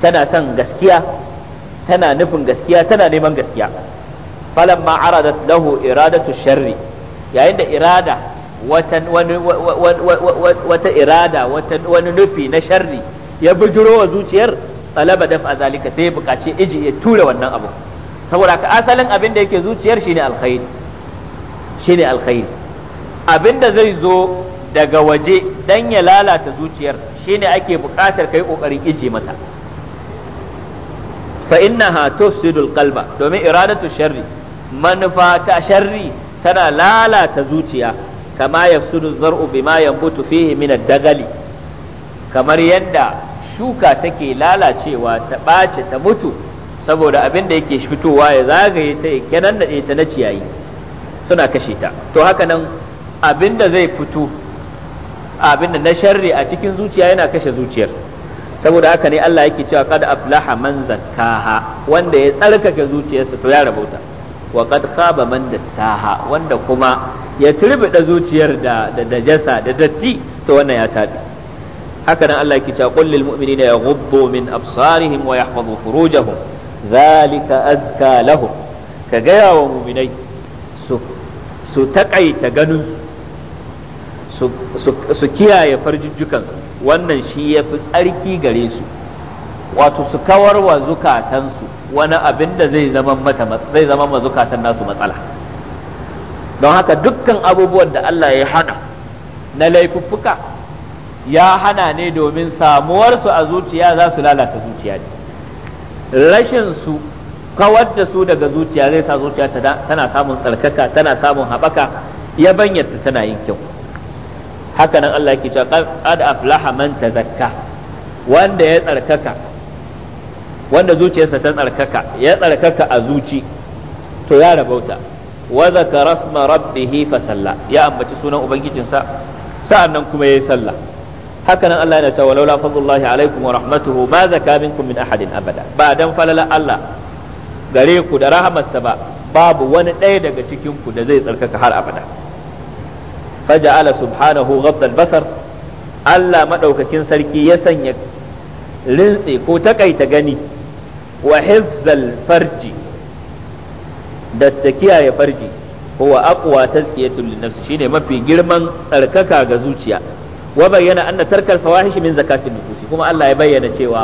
tana son gaskiya tana nufin gaskiya tana neman gaskiya falamma aradat lahu iradatu sharri yayin da irada wata irada wani nufi na sharri ya bijiro wa zuciyar talaba daf azalika sai ya bukaci iji ya tura wannan abu saboda ka asalin abin da yake zuciyar shine alkhairi shine alkhairi abin da zai zo daga waje dan ya lalata zuciyar shine ake buƙatar kai kokarin ije mata fa innaha tufsidul qalba domin iradatu sharri manufa ta sharri tana lalata zuciya kama yafsudu zar'u bima yanbutu fihi min ad-dagali kamar yadda shuka take lalacewa ta ɓace ta mutu saboda abin da yake fitowa ya zagaye ta ya kenan da ta na ciyayi suna kashe ta to haka nan abin da zai fito abin da na sharri a cikin zuciya yana kashe zuciyar saboda haka ne Allah yake cewa kad aflaha man zakkaha wanda ya tsarkake zuciyarsa to ya rabauta wa kad khaba man dassaha wanda kuma ya turbida zuciyar da da najasa da datti to wannan ya tabi haka nan Allah yake cewa qul lil mu'minina yaghuddu min absarihim wa yahfazu furujahum zalika azka lahum ka gaya wa muminai su taƙaita ganin su kiyaye farjujjukan wannan shi ya fi tsarki gare su wato su kawar wa zukatansu wani abin da zai zama ma zukatan nasu matsala don haka dukkan abubuwan da Allah ya hana na laifuffuka ya hana ne domin samuwarsu a zuciya za su lalata zuciya ne rashin su kawar da su daga zuciya zai sa zuciya tana samun tsarkaka tana samun haɓaka ya banyarta tana yin kyau haka nan Allah yake cewa qad aflaha man tazakka wanda ya tsarkaka wanda zuciyarsa ta tsarkaka ya tsarkaka a zuci to ya rabauta wa zakara rabbih fa salla ya ambaci sunan ubangijinsa sa'annan kuma yayi sallah Hakanan Allah yana cewa laula fadlullahi alaikum wa rahmatuhu ma zaka minkum min ahadin abada ba dan falala Allah gare ku da rahamarsa ba babu wani ɗaya daga cikin ku da zai tsarkaka har abada faja'ala subhanahu ghaddal basar Allah madaukakin sarki ya sanya rintse ko takaita gani wa hifzal farji da ta kiyaye farji huwa aqwa tazkiyatul linafs shine mafi girman tsarkaka ga zuciya wa bayyana anna tarkal fawahish min zakatin nufusi kuma Allah ya bayyana cewa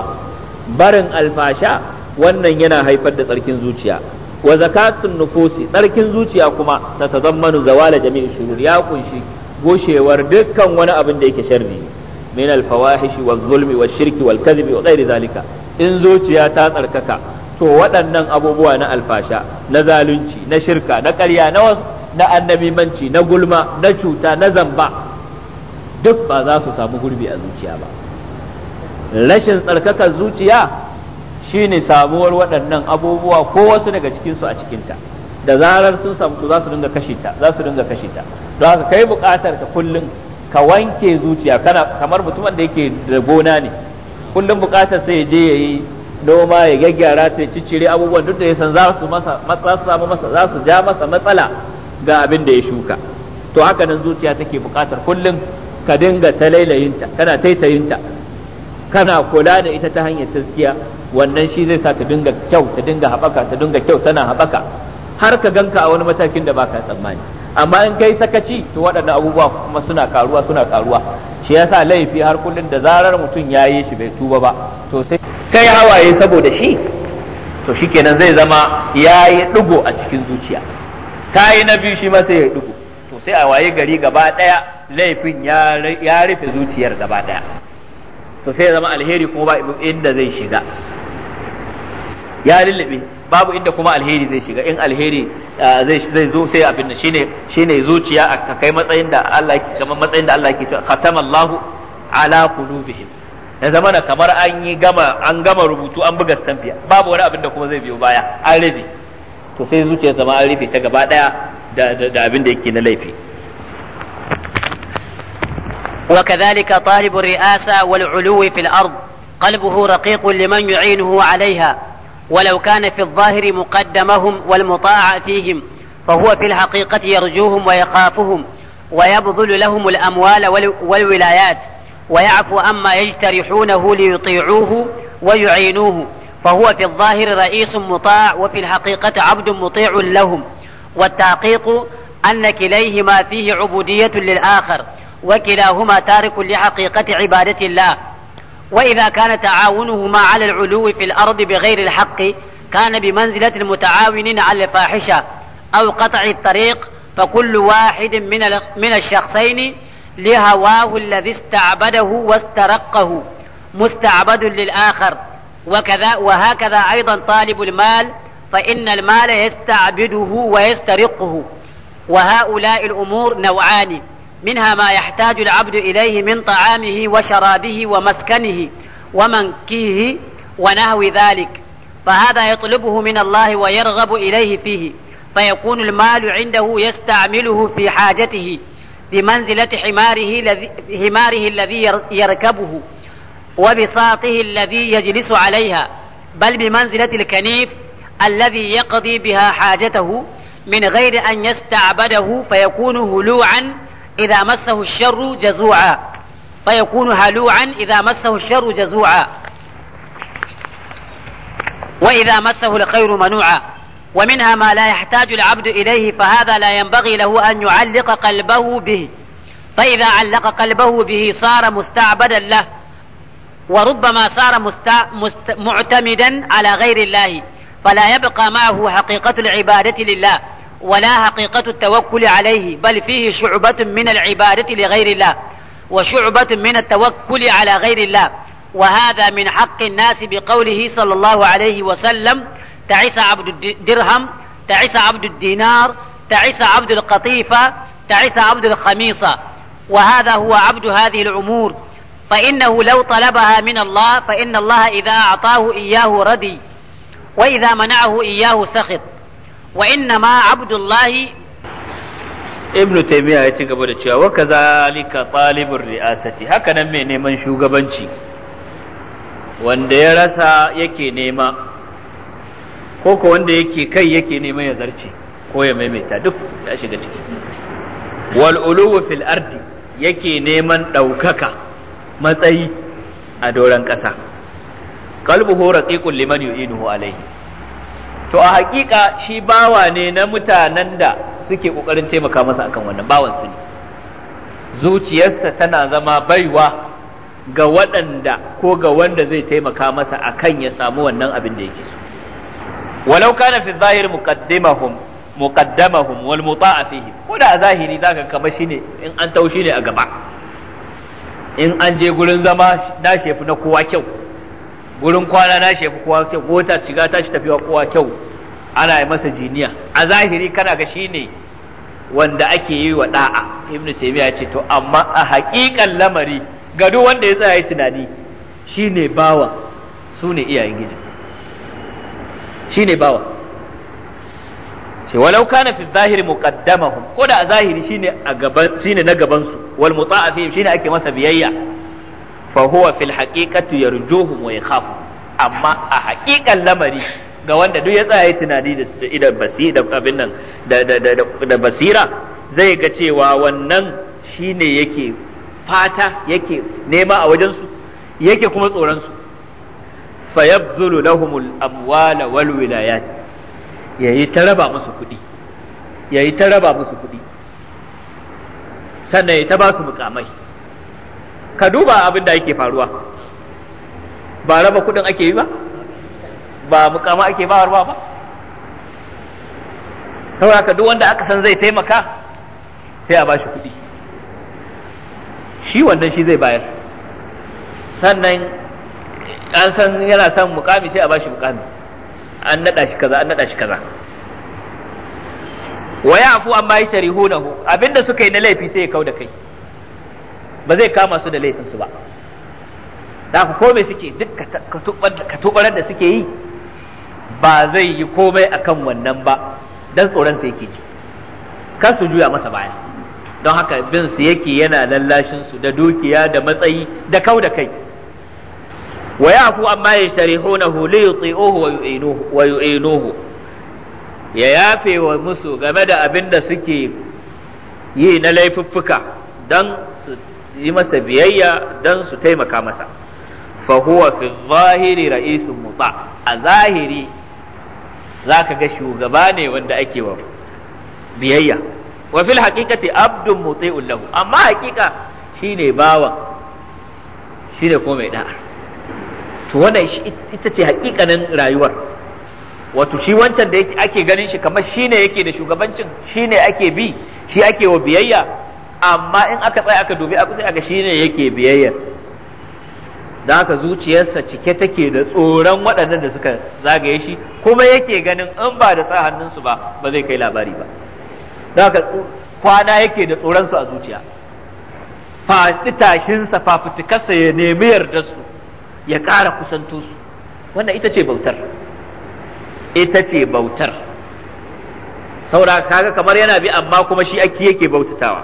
barin alfasha wannan yana haifar da tsarkin zuciya wa zakatun nufusi tsarkin zuciya kuma ta tazammanu zawala jami'i shurur ya kunshi goshewar dukkan wani abin da yake sharri min alfawahishi wa zulmi wa shirki wal kadhibi wa ghairi zalika in zuciya ta tsarkaka to waɗannan abubuwa na alfasha na zalunci na shirka na karya na na annabimanci na gulma na cuta na zamba duk ba za su samu gurbi a zuciya ba rashin tsarkakar zuciya shine samuwar waɗannan abubuwa ko wasu daga cikinsu a cikinta da zarar sun samu za su dinga kashe ta za su dinga kashe ta don haka kai buƙatar ka kullum ka wanke zuciya kana kamar mutumin da yake da gona ne kullum buƙatar sai je yayi noma ya gyaggyara ta ciccire abubuwan duk da ya san za su masa samu masa za su ja masa matsala ga abin da ya shuka to haka nan zuciya take buƙatar kullum ka dinga talailayinta kana taitayinta kana kula da ita ta hanyar taskiya wannan shi zai sa ta dinga kyau ta dinga haɓaka ta dinga kyau tana haɓaka har ka ganka a wani matakin da baka tsammani amma in kai sakaci to waɗannan abubuwa kuma suna karuwa suna karuwa shi yasa laifi har kullun da zarar mutum ya yi shi bai tuba ba to sai kai hawaye saboda shi to shikenan zai zama ya yi ɗigo a cikin zuciya ka yi na biyu shi ma sai ya ɗigo to sai a waye gari gaba ɗaya laifin ya rufe zuciyar gaba daya to sai ya zama alheri kuma ba inda zai shiga ya lullube babu inda kuma alheri zai shiga in alheri zai zo sai abin da shine shine zuciya a kai matsayin da Allah kamar matsayin da Allah yake cewa khatamallahu ala qulubihim ya zama na kamar an yi gama an gama rubutu an buga stamfiya babu wani abin da kuma zai biyo baya an rufe to sai zuciya zama an rufe ta gaba daya da abin da yake na laifi وكذلك طالب الرئاسة والعلو في الأرض قلبه رقيق لمن يعينه عليها ولو كان في الظاهر مقدمهم والمطاع فيهم فهو في الحقيقة يرجوهم ويخافهم ويبذل لهم الأموال والولايات ويعفو عما يجترحونه ليطيعوه ويعينوه فهو في الظاهر رئيس مطاع وفي الحقيقة عبد مطيع لهم والتحقيق أن كليهما فيه عبودية للآخر وكلاهما تارك لحقيقة عبادة الله وإذا كان تعاونهما على العلو في الأرض بغير الحق كان بمنزلة المتعاونين على الفاحشة أو قطع الطريق فكل واحد من من الشخصين لهواه الذي استعبده واسترقه مستعبد للآخر وكذا وهكذا أيضا طالب المال فإن المال يستعبده ويسترقه وهؤلاء الأمور نوعان منها ما يحتاج العبد إليه من طعامه وشرابه ومسكنه ومنكيه ونحو ذلك فهذا يطلبه من الله ويرغب إليه فيه فيكون المال عنده يستعمله في حاجته بمنزلة حماره الذي حماره الذي يركبه وبساطه الذي يجلس عليها بل بمنزلة الكنيف الذي يقضي بها حاجته من غير أن يستعبده فيكون هلوعا إذا مسه الشر جزوعا فيكون هلوعا إذا مسه الشر جزوعا وإذا مسه الخير منوعا ومنها ما لا يحتاج العبد إليه فهذا لا ينبغي له أن يعلق قلبه به فإذا علق قلبه به صار مستعبدا له وربما صار مست... مست... معتمدا على غير الله فلا يبقى معه حقيقة العبادة لله ولا حقيقة التوكل عليه بل فيه شعبة من العبادة لغير الله وشعبة من التوكل على غير الله وهذا من حق الناس بقوله صلى الله عليه وسلم تعس عبد الدرهم تعس عبد الدينار تعس عبد القطيفة تعس عبد الخميصة وهذا هو عبد هذه الأمور فإنه لو طلبها من الله فإن الله إذا أعطاه إياه ردي وإذا منعه إياه سخط wa inna ma abdullahi ibnu taymiya ya ci gaba da cewa wa kazalika talibur riyasati? haka nan mai neman shugabanci wanda ya rasa yake nema ko ko wanda yake kai yake nema ya zarce ko ya maimaita duk ya shiga ciki wal ulu fil ardi yake neman ɗaukaka matsayi a doron ƙasa qalbuhu raqiqun liman yu'inuhu alayhi to a hakika shi bawa ne na mutanen da suke kokarin taimaka masa akan wannan bawan su ne zuciyarsa tana zama baiwa ga waɗanda ko ga wanda zai taimaka masa akan ya samu wannan abin da yake so walau kana fi zahir muqaddimahum muqaddamahum wal muta'a fihi ko da zahiri zaka kamar shine in an taushi ne a gaba in an je gurin zama na shefu na kowa kyau gurin kwana na shefu kowa kyau gota shiga shi tafiya kowa kyau ana yi masa jiniya a zahiri kana ga shine wanda ake yi wa da'a ibnu taymiya ce to amma a haƙiƙan lamari ga duk wanda ya tsaya tunani shine bawa su ne iyayen giji shine bawa Sai walau kana fi zahiri muqaddamahum ko da a zahiri shine a gaban shine na gaban su wal muta'a fi shine ake masa biyayya fa huwa fil haqiqati yarjuhum wa yakhafu amma a haƙiƙan lamari ga wanda duk ya tsaya tunani da idan basira abin nan da basira zai ga cewa wannan shine yake fata yake nema a wajen su yake kuma tsoron su fayabzulu lahumul amwala wal wilayat yayi ta raba musu kudi yayi ta raba musu kuɗi sannan ya ta ba su mukamai ka duba abin da yake faruwa ba raba kuɗin ake yi ba ba mukama ake ba ba saboda duk wanda aka san zai taimaka sai a bashi kuɗi shi wannan shi zai bayar sannan an san yana son mukami sai a bashi mukami an naɗa shi kaza an nada shi kaza wa bayi shari hunahu abinda suka yi na laifi sai ya da kai ba zai kama su da laifinsu ba da ko me suke duk ka tubar da suke yi ba zai yi komai a kan wannan ba dan tsoron sa yake ji kar su juya masa baya don haka bin su yake yana lallashin su da dukiya da matsayi da kau da kai wa yafu amma yashtarihunahu li yuti'uhu wa yu'inuhu wa yu'inuhu ya yafe wa musu game da abin da suke yi na laifuffuka don su yi masa biyayya don su taimaka masa fa huwa fi zahiri ra'isun muta a zahiri za ka ga shugaba ne wanda ake wa biyayya wa fil haqiqati abdun muti'un lahu amma haqiqa shine bawa shine ko mai da'a to wanda ita ce haƙiƙanin rayuwar wato shi wancan da ake ganin shi kamar shine yake da shugabancin shine ake bi shi ake wa biyayya amma in aka tsaya aka dubi abu sai aka shine yake biyayyar? da haka zuciyarsa cike take da tsoron waɗannan da suka zagaye shi kuma yake ganin in ba da sa hannunsu ba ba zai kai labari ba da haka kwana yake da tsoronsu a zuciya Fafitashinsa fafitikarsa ya nemi yardarsu ya ƙara kusanto su wannan ita ce bautar ita ce bautar saura kaga kamar yana bi amma kuma shi ake yake bautatawa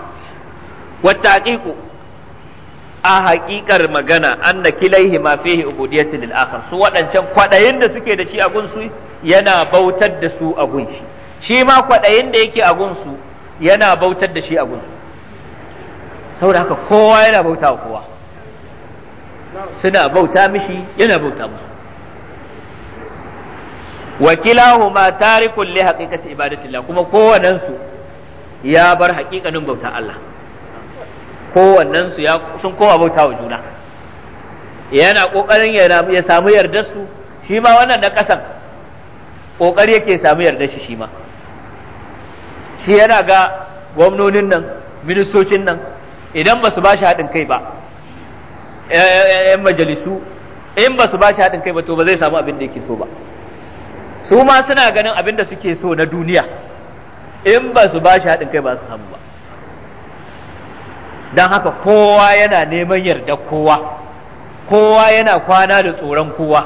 wata aqiqu a haƙiƙar magana na kilaihi ma fihi ubudiyyati lil akhar su waɗancan kwaɗayin da suke da shi a gunsu yana bautar da su a gunshi shi ma kwaɗayin da yake a gunsu yana bautar da shi a gunsu saboda haka kowa yana bauta wa kowa suna bauta mishi yana bauta musu wa kilahuma tarikun li haqiqati ibadatillah kuma kowannen su ya bar haƙiƙanin bautar Allah kowannen su ya sun kowa bauta wa juna yana kokarin ya samu yardar su shi ma wannan na kasan kokari yake samu yardar shi shi ma shi yana ga gwamnonin nan ministocin nan idan ba su ba shi haɗin kai ba yan majalisu in ba su ba shi haɗin kai ba to ba zai samu abin da yake so ba su ma suna ganin abin da suke so na duniya in ba su ba shi haɗin kai ba su samu ba don haka kowa yana neman yarda kowa kowa yana kwana da tsoron kowa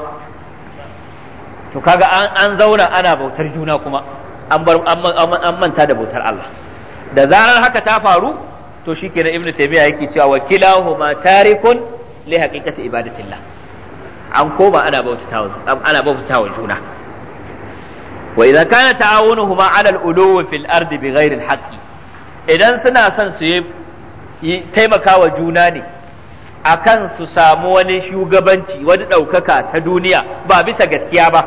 to kaga an zauna ana bautar juna kuma an manta da bautar Allah da zarar haka ta faru to kenan ibnu taymiya yake cewa wa kilahuma tarikun li haqiqati ibadatillah an koma ana bautatawa ana juna wa idza kana ta'awunuhuma 'ala al-uluwi fil ardi bighayri al-haqqi idan suna son su yi taimakawa juna ne akan su samu wani shugabanci wani ɗaukaka ta duniya ba bisa gaskiya ba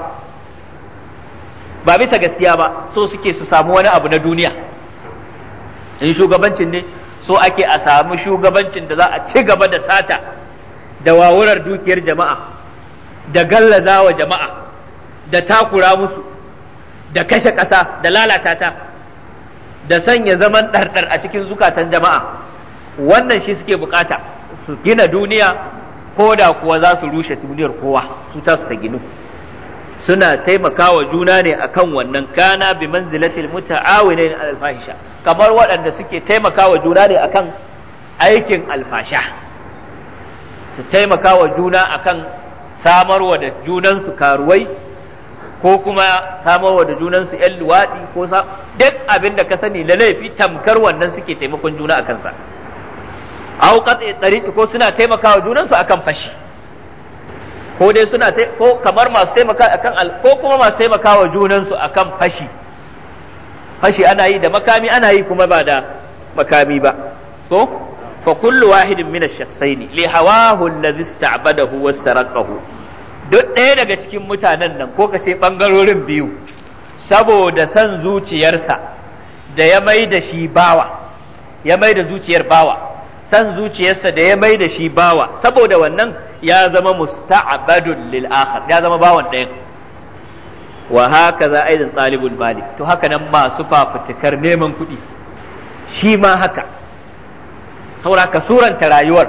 ba bisa gaskiya ba so suke su samu wani abu na duniya in shugabancin ne so ake a samu shugabancin da za a ci gaba da sata da wawurar dukiyar jama'a da gallaza wa jama'a da takura musu da kashe ƙasa da lalata ta da sanya zaman ɗarɗar a cikin zukatan jama'a wannan shi suke bukata su gina duniya ko da kuwa za su rushe duniyar kowa su ta su ta ginu suna taimakawa juna ne akan wannan kana bi manzilatil muta'awinin alfahisha kamar waɗanda suke taimakawa juna ne akan aikin alfasha su taimakawa juna akan samarwa da junansu karuwai ko kuma samarwa da junansu ‘yan luwaɗi ko sa duk abin da ka sani da laifi tamkar wannan suke taimakon juna a kansa. au qat'i tariqi ko suna taimakawa junansu akan fashi ko dai suna ko kamar masu taimaka akan ko kuma masu taimakawa junansu akan fashi fashi ana yi da makami ana yi kuma ba da makami ba ko fa kullu wahidin min ash-shakhsayn li hawahu allazi ista'badahu wastaraqahu duk ɗaya daga cikin mutanen nan ko kace bangarorin biyu saboda san zuciyarsa da ya mai da shi bawa ya mai da zuciyar bawa san zuciyarsa da ya mai da shi bawa saboda wannan ya zama musta'abadun lil akhar ya zama bawan ɗaya wa haka za aidan talibul mali to haka nan masu fafutukar neman kuɗi shi ma haka saura ka suranta rayuwar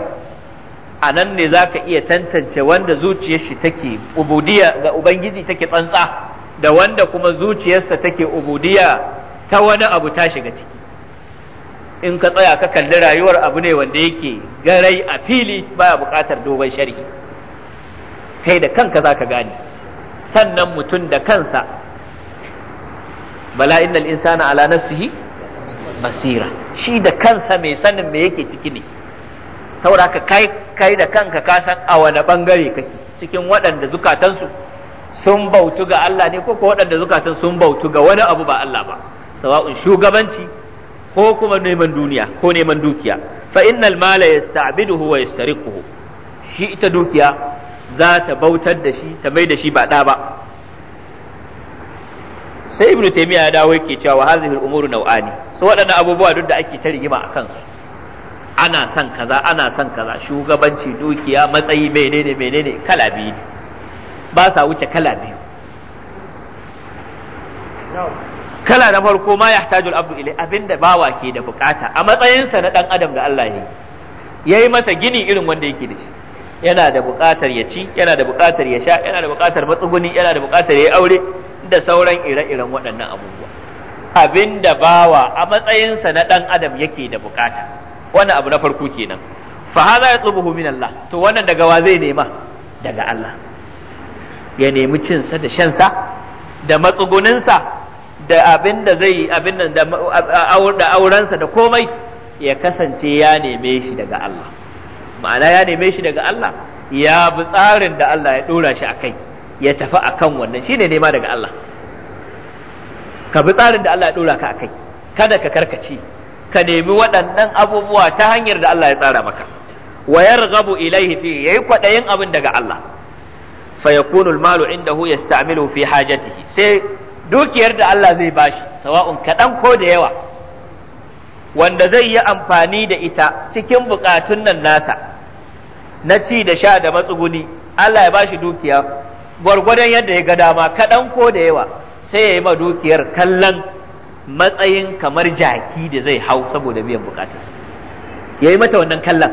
a nan ne za ka iya tantance wanda zuciyar shi take ubudiya ga ubangiji take tsantsa da wanda kuma zuciyarsa take ubudiya ta wani abu ta shiga ciki in ka tsaya ka kalli rayuwar abu ne wanda yake garai a fili baya buƙatar dogon sharhi kai da kanka zaka gane sannan mutum da kansa bala innal insana ala nafsihi basira shi da kansa mai sanin me yake ciki ne saboda kai kai da kanka ka san a wani bangare kake cikin waɗanda zukatansu sun bautu ga Allah ne ko ko waɗanda zukatan sun bautu ga wani abu ba Allah ba sawa'un shugabanci ko kuma neman duniya ko neman dukiya fa innal mala yasta'biduhu wa yastariquhu shi ita dukiya za ta bautar da shi ta mai da shi ba da ba sai ibnu taymiya ya dawo yake cewa hadhihi al-umuru naw'ani so waɗannan abubuwa duk da ake ta rigima akan ana son kaza ana son kaza shugabanci dukiya matsayi menene menene kala biyu ba sa wuce kala biyu kala na farko ma yahtajul abdu ilai abinda bawa ke da bukata a matsayinsa na dan adam da Allah ne yayi masa gini irin wanda yake da shi yana da bukatar ya ci yana da bukatar ya sha yana da bukatar matsuguni yana da bukatar ya aure da sauran ire-iren waɗannan abubuwa abinda bawa a matsayinsa na dan adam yake da bukata wannan abu na farko kenan fa ya yatlubuhu min Allah to wannan daga wa zai nema daga Allah ya nemi cin sa da shan sa da matsugunin sa. da abin da zai abin nan da aurensa da komai ya kasance ya neme shi daga Allah ma'ana ya neme shi daga Allah ya bi tsarin da Allah ya dora shi akai ya tafi akan wannan shine nema daga Allah ka bi tsarin da Allah ya dora ka akai kada ka karkace ka nemi waɗannan abubuwa ta hanyar da Allah ya tsara maka wa yarghabu ilaihi fi yayi kwadayin abin daga Allah fa yakunu al-malu indahu yasta'milu fi hajatihi sai dukiyar da Allah zai bashi sawa'un kaɗan ko da yawa wanda zai yi amfani da ita cikin bukatun nan nasa na ci da sha da matsuguni Allah ya bashi dukiya gwargwadon yadda ya ga dama kaɗan ko da yawa sai ya yi ma dukiyar kallon matsayin kamar jaki da zai hau saboda biyan bukatun ya yi mata wannan kallon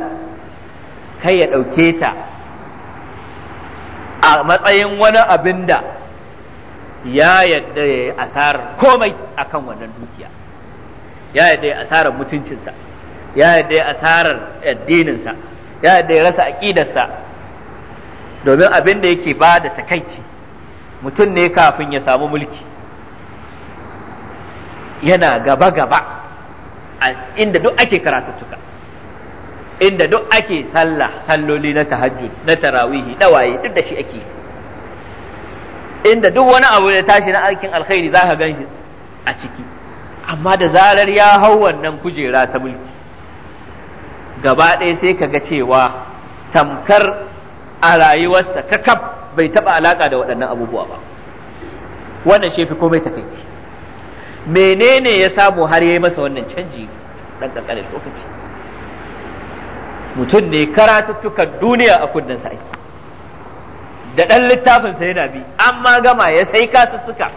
kai ya ɗauke ta a matsayin wani abin da ya yadda ya yi asarar komai akan wannan dukiya ya yadda ya asarar mutuncinsa ya yadda ya asarar addininsa ya yadda ya rasa aƙidarsa domin abin da yake ba da takaici mutum ne kafin ya samu mulki yana gaba-gaba inda duk ake karatuttuka inda duk ake sallah salloli na tahajjud na tarawihi dawaye duk da shi ake yi inda duk wani abu da tashi na aikin alkhairi zaka gan shi a ciki amma da zarar ya hau wannan kujera ta mulki gaba ɗaya sai ka ga cewa tamkar a rayuwarsa kakaf bai taɓa alaƙa da waɗannan abubuwa ba wannan shefi komai takaici menene ya samu har ya yi masa wannan canji ɗan ƙanƙanin lokaci mutum ne karatuttukan duniya a kundinsa aiki da ɗan littafin sa yana bi amma gama ya sai kasussuka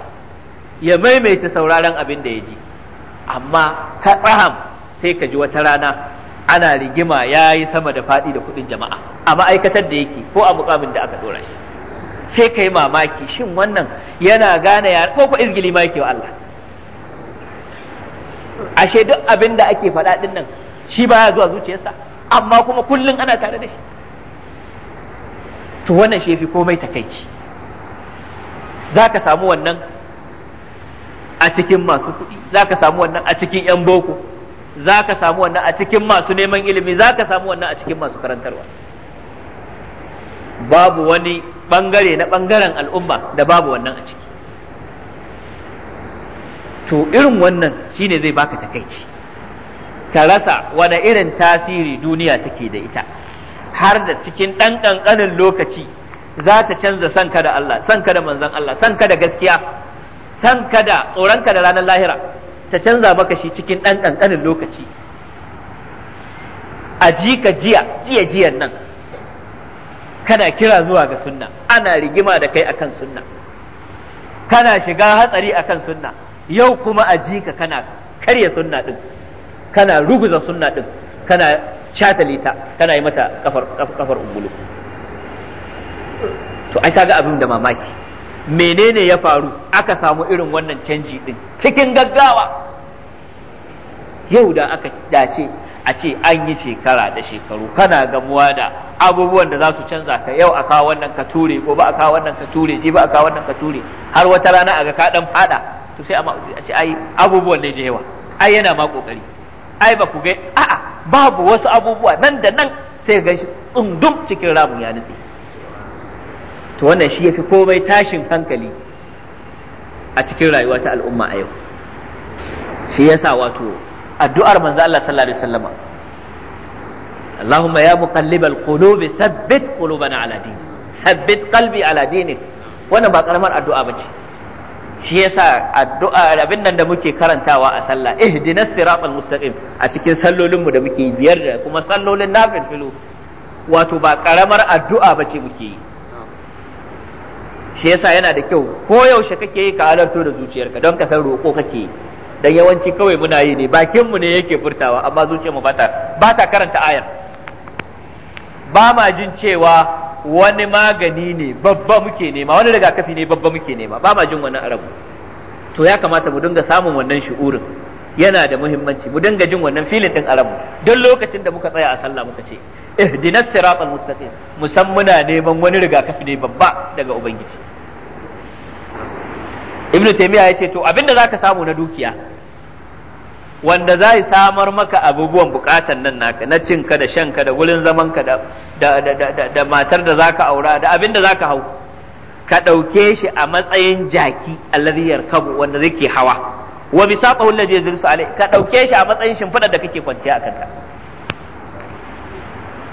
ya maimaita sauraron abin da ya ji amma ka tsaham sai ka ji wata rana ana rigima ya yi sama da faɗi da kuɗin jama'a a ma'aikatar da yake ko a mukamin da aka ɗora shi sai ka yi mamaki shin wannan yana gane ya ko izgili ma yake wa Allah ashe duk abin da ake faɗa ɗin nan shi baya zuwa zuciyarsa amma kuma kullum ana tare da shi to wannan shi yafi komai takaici za ka samu wannan a cikin masu kuɗi za ka samu wannan a cikin 'yan boko za ka samu wannan a cikin masu neman ilimi za ka samu wannan a cikin masu karantarwa babu wani bangare na bangaren al'umma da babu wannan a ciki to irin wannan shine zai baka takaici ka rasa wani irin tasiri duniya take da ita har da cikin ɗan ƙanƙanin lokaci za ta canza sanka da Allah sanka da manzon Allah sanka da gaskiya sanka da tsoronka da ranar lahira ta canza maka shi cikin ɗan ƙanƙanin lokaci a ji ka jiya jiya jiyan nan kana kira zuwa ga sunna ana rigima da kai akan sunna kana shiga hatsari akan sunna yau kuma a ji ka kana karya sunna din kana ruguza sunna din kana shatale tana yi mata kafar kafar ungulu to ai kaga abin da mamaki menene ya faru aka samu irin wannan canji din cikin gaggawa yau da aka dace a ce an yi shekara da shekaru kana gamuwa da abubuwan da za su canza ka yau a kawo wannan ka ture ko ba a kawo wannan ka ture ji ba a kawo wannan ka ture har wata rana a ga ka dan fada to sai a ce ai abubuwan ne da yawa ai yana ma kokari ai ba ku ga a'a babu wasu abubuwa nan da nan sai ga shi tsundum cikin ramin ya nutse to wannan shi yafi komai tashin hankali a cikin rayuwa ta al'umma a yau shi yasa wato addu'ar manzo Allah sallallahu alaihi wasallam Allahumma ya muqallibal qulubi thabbit qulubana ala dini thabbit qalbi ala dini wannan ba ƙaramar addu'a bace shi yasa addu'a abin nan da muke karantawa a sallah ihdinas siratal mustaqim a cikin sallolin mu da muke biyar da kuma sallolin nafil filu wato ba karamar addu'a bace muke yi shi yasa yana da kyau ko yaushe kake yi ka halarto da zuciyarka don ka san roƙo kake yi dan yawanci kawai muna yi ne bakin mu ne yake furtawa amma zuciyar ta ba bata karanta ayar ba ma jin cewa wani magani ne babba muke nema wani rigakafi ne babba muke nema ba ma jin wannan arabu to ya kamata mu dinga samun wannan shi'urin yana da muhimmanci mu dinga jin wannan filin din arabu don lokacin da muka tsaya a sallah muka ce ihdinas siratal mustaqim musam muna neman wani rigakafi ne babba daga ubangiji ibnu taymiya ya ce to abinda zaka samu na dukiya wanda za samar maka abubuwan bukatan nan naka na cinka da shanka da wurin zamanka da da da da, za ka aura da abin da ka hau ka ɗauke shi a matsayin jaki allazi kabu wanda zai ke hawa wa bisaqahu allazi yajlisu alai ka ɗauke shi a matsayin shimfiɗar da kake kwanciya a kanka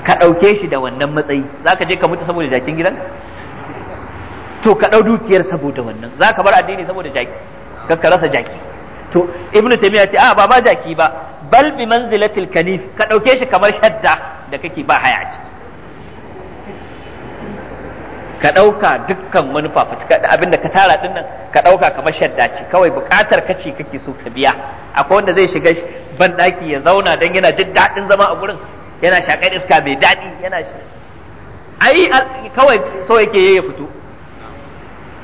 ka ɗauke shi da wannan matsayi zaka je ka mutu saboda jakin gidan? to ka ɗau dukiyar saboda wannan zaka bar addini saboda jaki ka rasa jaki to Ibn taymiya ce a ah, ba ma jaki ba bal bi manzilatil kanif ka dauke shi kamar shadda da kake ba haya a ciki ka dauka dukkan wani fafutuka da abinda ka tara din nan ka dauka kamar shadda ce kawai bukatar ka ce kake so ka biya akwai wanda zai shiga ban daki ya zauna dan yana jin dadin zama a gurin yana shakar iska mai dadi yana shi ai kawai so yake ya fito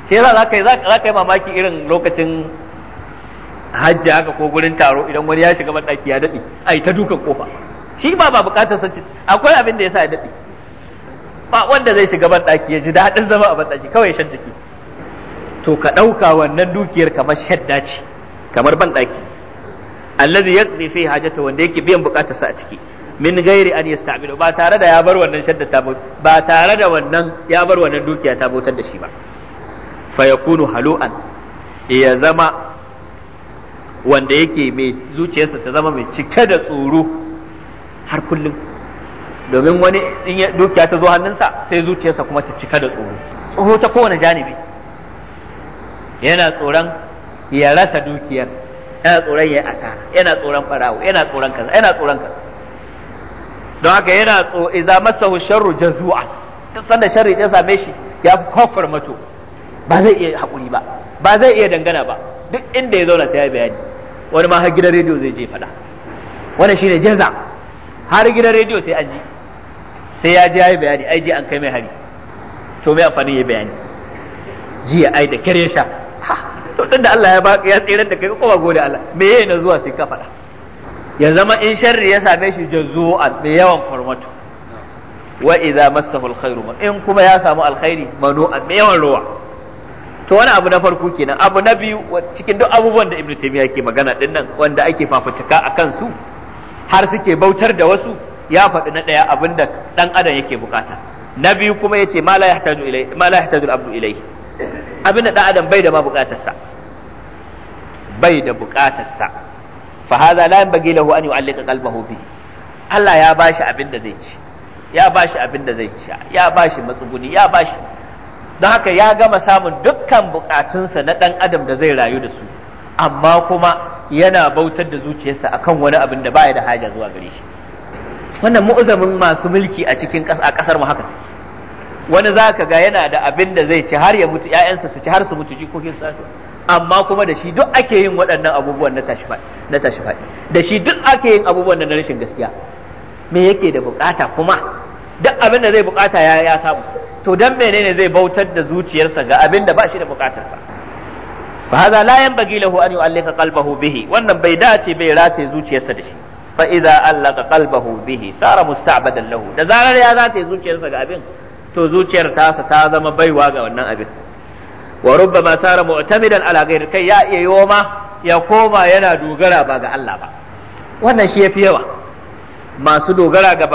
sai za ka yi mamaki irin lokacin hajji haka ko gurin taro idan wani ya shiga banɗaki ya daɗe ai ta dukan kofa shi ba ba bukatar sa akwai abin da yasa ya daɗe ba wanda zai shiga banɗaki ya ji daɗin zama a banɗaki kawai ya jiki to ka ɗauka wannan dukiyar kamar shadda ce kamar banɗaki allazi yaqdi fi hajata wanda yake biyan bukatar sa a ciki min gairi an yastabilu ba tare da ya bar wannan shadda ta ba tare da wannan ya bar wannan dukiya ta bautar da shi ba fa yakunu halu'an ya zama wanda yake mai zuciyarsa ta zama mai cike da tsoro har kullum domin wani in ya dukiya ta zo hannunsa sai zuciyarsa kuma ta cika da tsoro tsoro ta kowane janibi yana tsoron ya rasa dukiyar yana tsoron ya asara yana tsoron farawo yana tsoron kaza yana tsoron kaza don haka yana tso iza masahu sharru jazua ta sanda sharri ya same shi ya kofar mato ba zai iya hakuri ba ba zai iya dangana ba duk inda ya zauna sai ya bayani wani ma har gidan rediyo zai je faɗa wannan shine jaza har gidan rediyo sai an ji sai ya je ya yi bayani ai an kai mai hari to me amfani ya bayani ji ai da kare sha to tunda Allah ya ba ya tsere da kai ko ba gode Allah me yayi na zuwa sai ka faɗa ya zama in sharri ya same shi jazzu'an mai yawan farmato wa idza massahu alkhairu in kuma ya samu alkhairi manu'an mai yawan ruwa to wani abu na farko kenan abu na biyu cikin duk abubuwan da ibnu taymiya yake magana din nan wanda ake fafutuka a kansu har suke bautar da wasu ya faɗi na ɗaya abin da ɗan adam yake bukata na biyu kuma yace ma la yahtaju ilai ma la abdu ilai abin da ɗan adam bai da ma bukatarsa bai da bukatarsa fa hadha la yanbaghi lahu an yu'alliqa qalbahu bi Allah ya bashi abin da zai ci ya bashi abin da zai ci ya bashi matsuguni ya bashi don haka ya gama samun dukkan bukatunsa na ɗan adam da zai rayu da su amma kuma yana bautar da zuciyarsa akan wani abin da baya da haja zuwa gare shi wannan mu'azamin masu mulki a cikin a kasar mu haka wani za ka ga yana da abin da zai ci har ya mutu ƴaƴansa su ci har su mutu jikokin su amma kuma da shi duk ake yin waɗannan abubuwan na tashi na tashi da shi duk ake yin abubuwan na rashin gaskiya me yake da bukata kuma duk abin da zai bukata ya ya samu to dan menene zai bautar da zuciyarsa ga abin da ba shi da bukatarsa fa hadha la yanbaghi lahu an yu'allika qalbahu bihi wannan bai dace bai rataye zuciyarsa da shi fa idza allaka qalbahu bihi sara musta'badan lahu da zarar ya rataye zuciyarsa ga abin to zuciyar tasa ta zama baiwa ga wannan abin wa rubbama sara mu'tamidan ala kai ya iya yiwo ma ya koma yana dogara ba ga Allah ba wannan shi yafi yawa masu dogara ga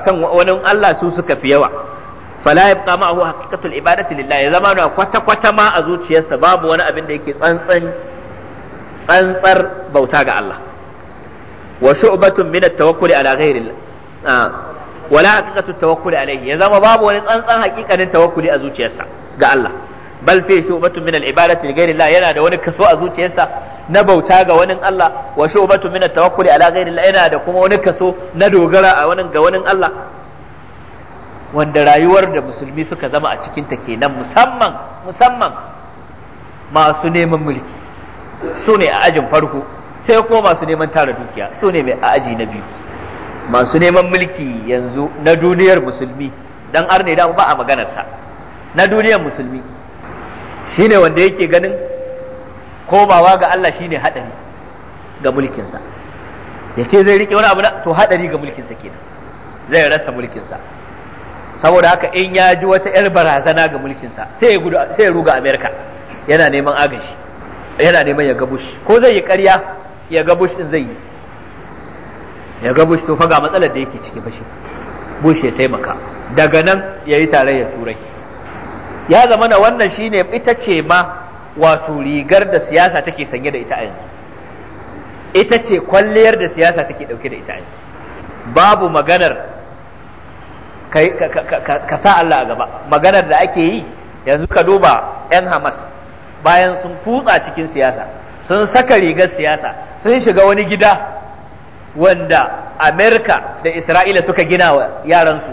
akan wani Allah su suka fi yawa fala yabqa a haqiqatul ibadati lillah ya zama na kwata ma a zuciyarsa babu wani abin da yake tsantsan tsantsar bauta ga Allah wa shu'batun min at-tawakkul ala ghayri wala haqiqatut tawakkul alayhi ya zama babu wani tsantsan haqiqanin tawakkuli a zuciyarsa ga Allah bal fi shu'batun min al-ibadati li yana da wani kaso a zuciyarsa na bauta ga wani Allah wa shu'batun min at-tawakkul yana da kuma wani kaso na dogara a ga wani Allah wanda rayuwar da musulmi suka zama a cikinta kenan musamman musamman masu neman mulki su ne a ajin farko sai kuma masu neman tara dukiya su ne mai a aji na biyu masu neman mulki yanzu na duniyar musulmi dan arne da ba a maganarsa na duniyar musulmi shine wanda yake ganin komawa ga Allah shine hadari ga mulkinsa ya ce zai rike wani abu to hadari ga mulkinsa kenan zai rasa mulkinsa saboda haka in ya ji wata 'yar barazana ga mulkinsa sai ya ruga amerika yana neman agashi yana neman ya gabush ko zai yi karya ya gabush din zai yi ya gabush to faga matsalar da yake ciki fashi bush ya taimaka daga nan ya yi tarayyar turai ya zama na wannan shine ita ce ma wato rigar da siyasa take sanye da ita a yanzu ita ce kwalliyar da siyasa take dauke da ita a yanzu babu maganar ka sa Allah a gaba maganar da ake yi yanzu ka duba 'yan Hamas bayan sun kutsa cikin siyasa sun saka rigar siyasa sun shiga wani gida wanda Amerika da Isra'ila suka gina wa yaransu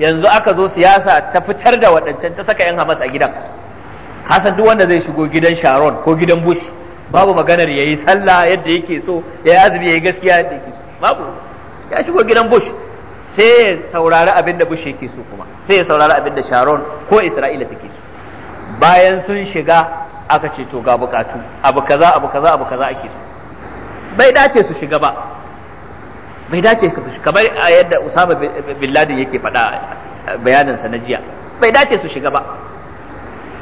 yanzu aka zo siyasa ta fitar da waɗancan ta saka 'yan Hamas a gidan kasan duk wanda zai shigo gidan Sharon ko gidan Bush babu maganar ya yi sallah yadda yake so ya yi azumi ya yi gaskiya yadda yake so babu ya shigo gidan Bush sai ya saurari abin da bushe ke so kuma sai ya saurari abin da sharon ko isra'ila take so bayan sun shiga aka ce to ga bukatu abu kaza abu kaza abu kaza ake so bai dace su shiga ba bai dace kamar a yadda usama bin laden yake faɗa bayaninsa na jiya bai dace su shiga ba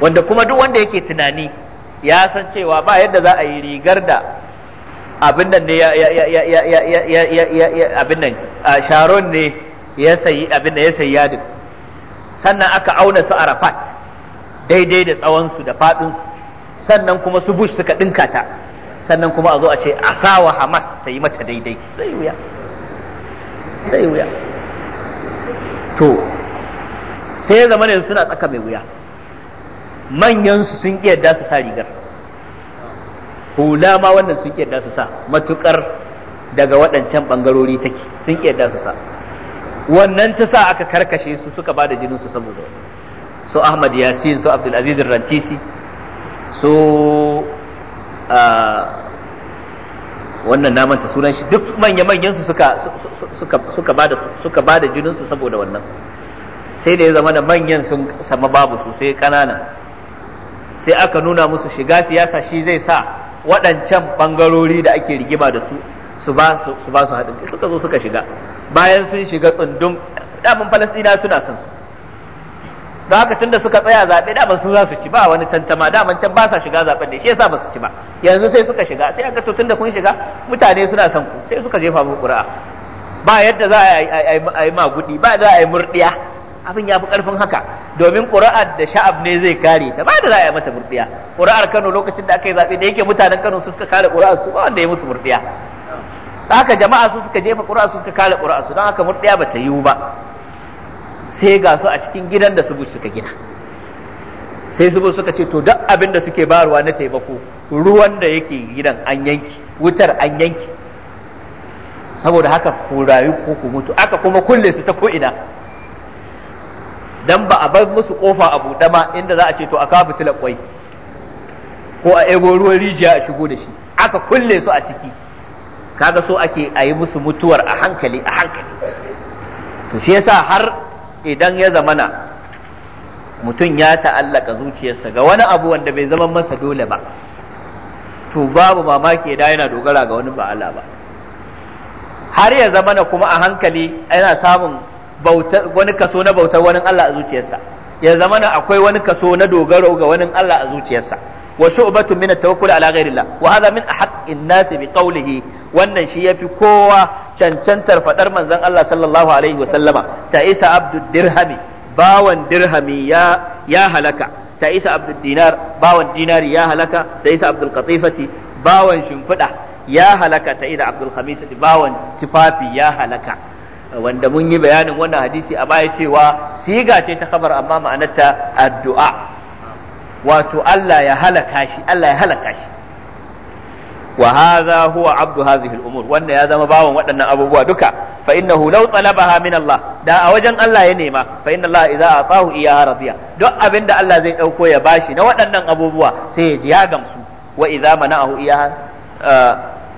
wanda kuma duk wanda yake tunani ya san cewa ba yadda za a yi rigar da abin nan ne ya ya ya ya ya ya ya abin nan sharon ne ya sayi abin da ya sayi yadin sannan aka auna su arafat daidai da tsawon su da fadin su sannan kuma su bush suka dinka ta sannan kuma a zo a ce a sawa hamas ta yi mata daidai zai wuya zai wuya to sai ya zama ne suna tsaka mai wuya manyan su sun ƙi yadda su sa rigar hula ma wannan sun ƙi yadda su sa matukar daga waɗancan ɓangarori take sun ƙi yadda su sa wannan ta sa aka karkashe su suka ba da jinin su saboda su Ahmad Yasin su Abdul Aziz Rantisi su wannan namanta sunan shi duk manya manyan su suka ba da jinin su saboda wannan sai da ya zama da manyan sun sama babu su sai sai aka nuna musu shiga siyasa shi zai sa waɗancan ɓangarori da ake rigima da su su ba su haɗin kai suka zo suka shiga bayan sun shiga tsundum daman falastina suna son su da haka tunda suka tsaya zaɓe daman sun za su ci ba wani tantama daman can ba sa shiga zaɓen ne shi yasa ba su ci ba yanzu sai suka shiga sai aka to tunda kun shiga mutane suna son ku sai suka jefa mu ƙura'a ba yadda za a yi magudi ba za a yi murɗiya abin ya fi ƙarfin haka domin ƙuri'ar da sha'ab ne zai kare ta ba da za a yi mata murdiya ƙuri'ar Kano lokacin da aka yi zaɓe da yake mutanen Kano su suka kare ƙuri'ar su ba wanda ya musu murdiya haka jama'a su suka jefa ƙuri'ar su suka kare ƙuri'ar su don haka murdiya ba ta yiwu ba sai ga su a cikin gidan da su suka gina sai su suka ce to duk abin da suke barwa na taimako ruwan da yake gidan an yanki wutar an yanki saboda haka ku rayu ko ku mutu aka kuma kulle su ta ko ina dan ba a bar musu kofa a buɗe ba inda za a ce to a kafa fitilar kwai ko a ego ruwan rijiya a shigo da shi aka kulle su a ciki kaga so ake a yi musu mutuwar a hankali a hankali to shi yasa har idan ya zamana mutum ya ta'allaka zuciyarsa ga wani abu wanda bai zama masa dole ba to babu mamaki da yana dogara ga wani ba Allah ba har ya zamana kuma a hankali yana samun wani kaso na bautar wani Allah a zuciyarsa ya zamana akwai wani kaso na dogaro ga wani Allah a zuciyarsa wa shu'batun min at-tawakkul ala ghairillah wa hadha min ahaqqin nas bi qawlihi wannan shi yafi kowa cancantar fadar manzon Allah sallallahu alaihi wa sallama ta isa abdud dirhami bawan dirhami ya ya halaka ta isa abdud dinar bawan dinari ya halaka ta isa abdul qatifati bawan shimfida ya halaka ta isa abdul khamis bawan tifafi ya halaka wanda mun yi bayanin wannan hadisi a baya cewa siga ce ta kabar amma ma'anarta addu'a wato Allah ya halaka shi Allah ya halaka shi wa hadha huwa abdu hadhihi al-umur wanda ya zama bawan waɗannan abubuwa duka fa innahu law talabaha min Allah da a wajen Allah ya nema fa inna Allah idza atahu iyaha radiya duk abinda Allah zai dauko ya bashi na waɗannan abubuwa sai ya ji ya gamsu wa idza mana'ahu iyaha eh,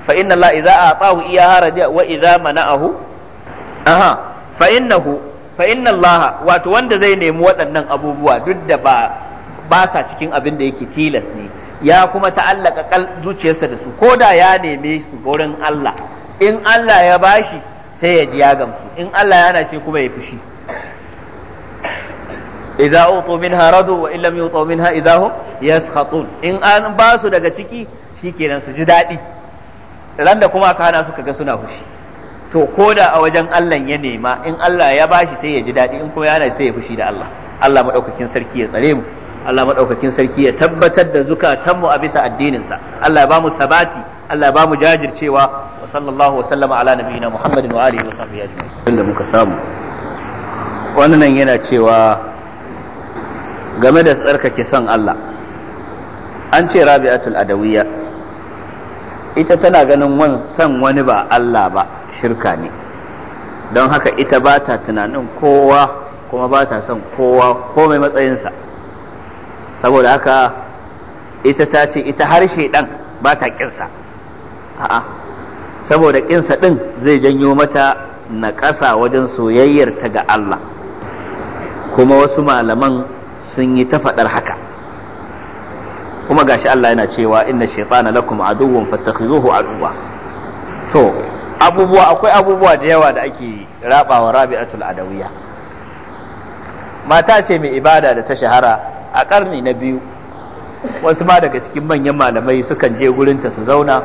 fa inna Allah idza atahu iyaha radiya wa idza mana'ahu aha fa innahu fa inna Allah wato wanda zai nemi waɗannan abubuwa duk da ba ba sa cikin abin da yake tilas ne ya kuma ta'allaka zuciyarsa da su ko da ya neme su gurin Allah in Allah ya bashi sai ya ji ya gamsu in Allah ya shi kuma ya fushi idza utu minha radu wa illam yutu minha idahu yaskhatun in an basu daga ciki shikenan su ji daɗi ran da kuma ka hana suka ga suna fushi to ko da a wajen Allah ya nema in Allah ya bashi sai ya ji daɗi in kuma yana sai ya fushi da Allah Allah maɗaukakin sarki ya tsare mu Allah maɗaukakin sarki ya tabbatar da zukatanmu a bisa addininsa Allah ya ba mu sabati Allah ya ba mu jajircewa wa sallallahu wa sallama ala nabiyina Muhammadin wa alihi wa sahbihi ajma'in inda muka samu wannan yana cewa game da tsarkake son Allah an ce Rabi'atul Adawiyya ita tana ganin son wani ba Allah ba shirka ne don haka ita ba ta tunanin kowa kuma ba ta son kowa ko mai matsayinsa saboda haka ita ta ce ita harshe ɗan ba ta ƙinsa a'a saboda ƙinsa ɗin zai janyo mata na ƙasa wajen soyayyarta ga Allah kuma wasu malaman sun yi ta faɗar haka kuma gashi Allah yana cewa inna shaitana lakum aduwwun fattakhizuhu aduwwa to abubuwa akwai abubuwa da yawa da ake rabawa rabi'atul adawiya mata ce mai ibada da ta shahara a karni na biyu wasu ma daga cikin manyan malamai sukan je gurinta su zauna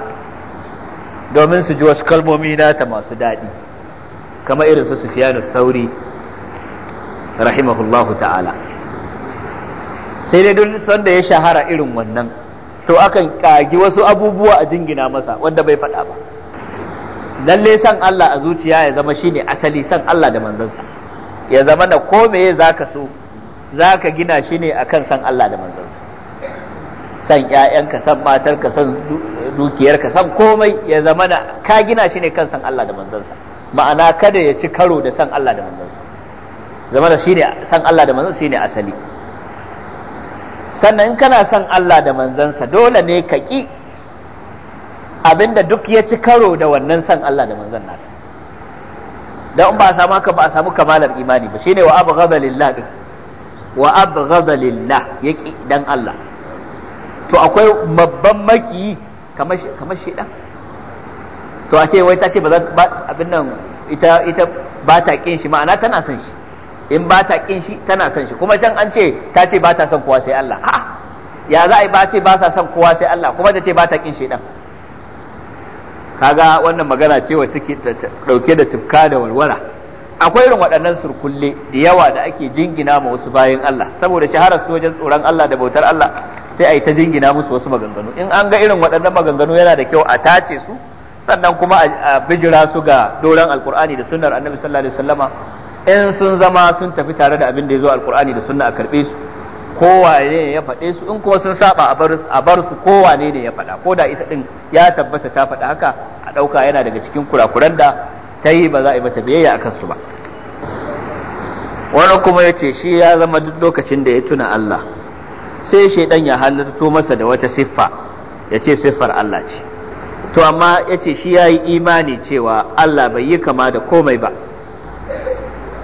domin su ji wasu kalmomi nata masu daɗi kamar irin su sufiyanu sauri rahimahullahu ta'ala sai dai duk sanda ya shahara irin wannan to akan kagi wasu abubuwa a jingina masa wanda bai faɗa ba lalle san Allah a zuciya ya zama shine asali san Allah da manzansa ya zama da ko meye zaka so zaka gina shi ne akan san Allah da manzansa san ƴaƴanka san matarka san dukiyarka san komai ya zama da ka gina shi ne kan san Allah da manzansa ma'ana kada ya ci karo da san Allah da manzansa zama da shine san Allah da manzansa shine asali sannan in kana san Allah da manzansa dole ne ka ƙi abinda duk ya ci karo da wannan san Allah da manzon nasa dan ba a samu ka ba a samu kamalar imani ba shine wa abghadha lillah wa abghadha lillah yake dan Allah to akwai babban maki kamar kamar shedan to a ce wai ta ce ba za abin nan ita ita ba ta kin shi ma'ana tana son shi in ba ta kin shi tana son shi kuma can an ce ta ce ba ta son kowa sai Allah a'a ya za a yi ba ce ba sa son kowa sai Allah kuma ta ce ba ta kin shedan kaga wannan magana ce wacce ke dauke da tufka da walwala akwai irin waɗannan surkulle da yawa da ake jingina ma wasu bayan Allah saboda shaharar su wajen tsoron Allah da bautar Allah sai a yi ta jingina musu wasu maganganu in an ga irin waɗannan maganganu yana da kyau a tace su sannan kuma a bijira su ga doron alkur'ani da sunnar annabi sallallahu alaihi wasallama in sun zama sun tafi tare da abin da ya zo alkur'ani da sunna a karɓe su kowane ne ya faɗe su in ko sun saba a bar su kowane ne ya faɗa ko da ita ɗin ya tabbata ta faɗa haka a ɗauka yana daga cikin kurakuran da ta yi ba za a yi mata biyayya akan su ba wani kuma ya ce shi ya zama duk lokacin da ya tuna Allah sai shaidan ya halarto masa da wata siffa ya ce siffar Allah ce to amma ya ce shi ya yi imani cewa Allah bai yi kama da komai ba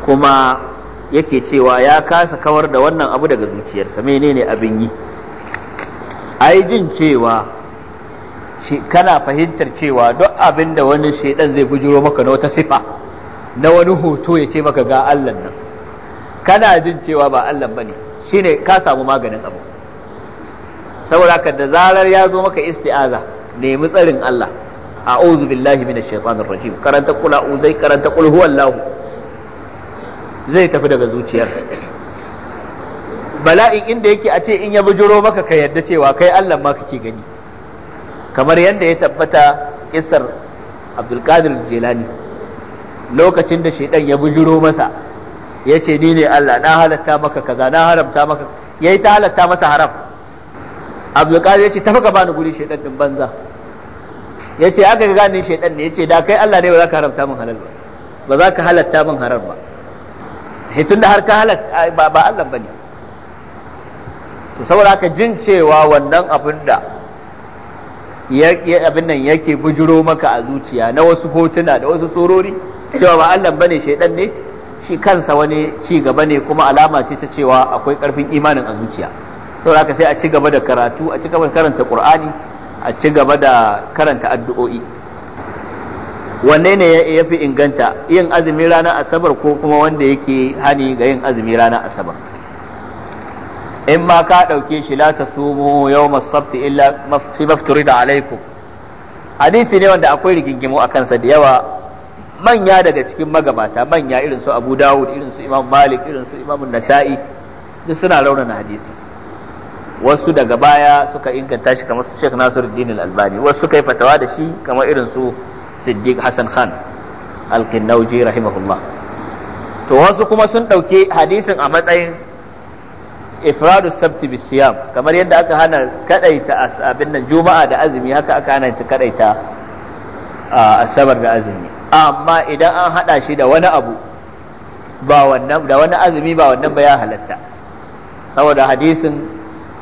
kuma yake cewa ya kasa kawar da wannan abu daga zuciyarsa menene abin yi ai jin cewa kana fahimtar cewa duk abin da wani shaidan zai bujiro maka na wata sifa na wani hoto ya ce maka ga Allah nan kana jin cewa ba Allah bane shine ka samu maganin abu saboda ka da zarar ya zo maka isti'aza nemi tsarin Allah a'udhu billahi minash shaitanir rajim karanta kula uzai karanta kul huwallahu zai tafi daga zuciyar bala'in inda yake a ce in ya bujuro maka ka yadda cewa kai Allah ma kake gani kamar yadda ya tabbata kisar abdulkadir jilani lokacin da shaidan ya bujuro masa ya ce ni ne Allah na halatta maka kaza na haramta maka ya yi ta halatta masa haram abdulkadir ya ce tafi ka bani guri shaidan din banza ya ce aka ga shaidan ne ya ce da kai Allah ne ba za ka haramta min halal ba ba za ka halatta min haram ba hitun da har ka halatta ba ba Allah bane to saboda haka jin cewa wannan abin da abin nan yake bujiro maka a zuciya na wasu hotuna da wasu tsorori cewa ba Allah bane shaidan ne shi kansa wani ci gaba ne kuma alama ce ta cewa akwai karfin imanin a zuciya saboda haka sai a ci gaba da karatu a ci gaba da karanta qur'ani a ci gaba da karanta addu'o'i wanne ne ya fi inganta yin azumi rana asabar ko kuma wanda yake hani ga yin azumi ranar asabar in ma ka ɗauke shi la ta sumu yau masabti illa fi mafturi da alaikum hadisi ne wanda akwai rigingimu a kansa da yawa manya daga cikin magabata manya irin su abu dawud irin su imam malik irin su imam nasa'i duk suna raunana hadisi wasu daga baya suka inganta shi kamar su sheikh nasiruddin al-albani wasu suka yi fatawa da shi kamar irin su siddiq hassan khan alkinnauji rahimahullah to wasu kuma sun ɗauki hadisin a matsayin ifradu sabti siyam kamar yadda aka hana kadaita abin nan juma'a da azumi haka aka hana ta kadaita asabar da azumi amma idan an hada shi da wani abu ba wannan da wani azumi ba wannan ba ya halatta saboda hadisin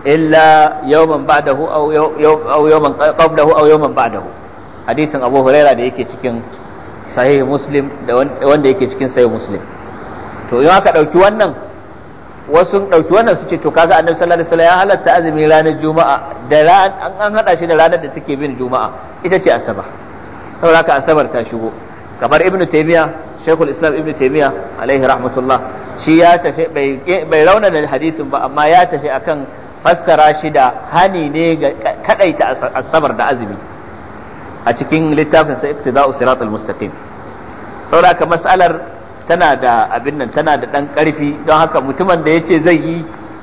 illa yawman ba'dahu aw yawman qablahu aw yawman ba'dahu hadisin abu huraira da yake cikin sahih muslim da wanda yake cikin sahih muslim to in aka ɗauki wannan wasu ɗauki wannan su ce to kaga annabi sallallahu alaihi wasallam ya halatta azumi ranar juma'a da ran an hada shi da ranar da take bin juma'a ita ce asaba. saboda haka asabar ta shigo kamar ibnu taymiya shaykhul islam ibn Taymiya alaihi rahmatullah shi ya tafi bai da hadisin ba amma ya tafi akan fassara shi da hani ne ga kadaita asabar da azumi a cikin littafin sa iktida'u siratal mustaqim saboda haka mas'alar tana da abin nan tana da dan karfi don haka mutumin da yace zai yi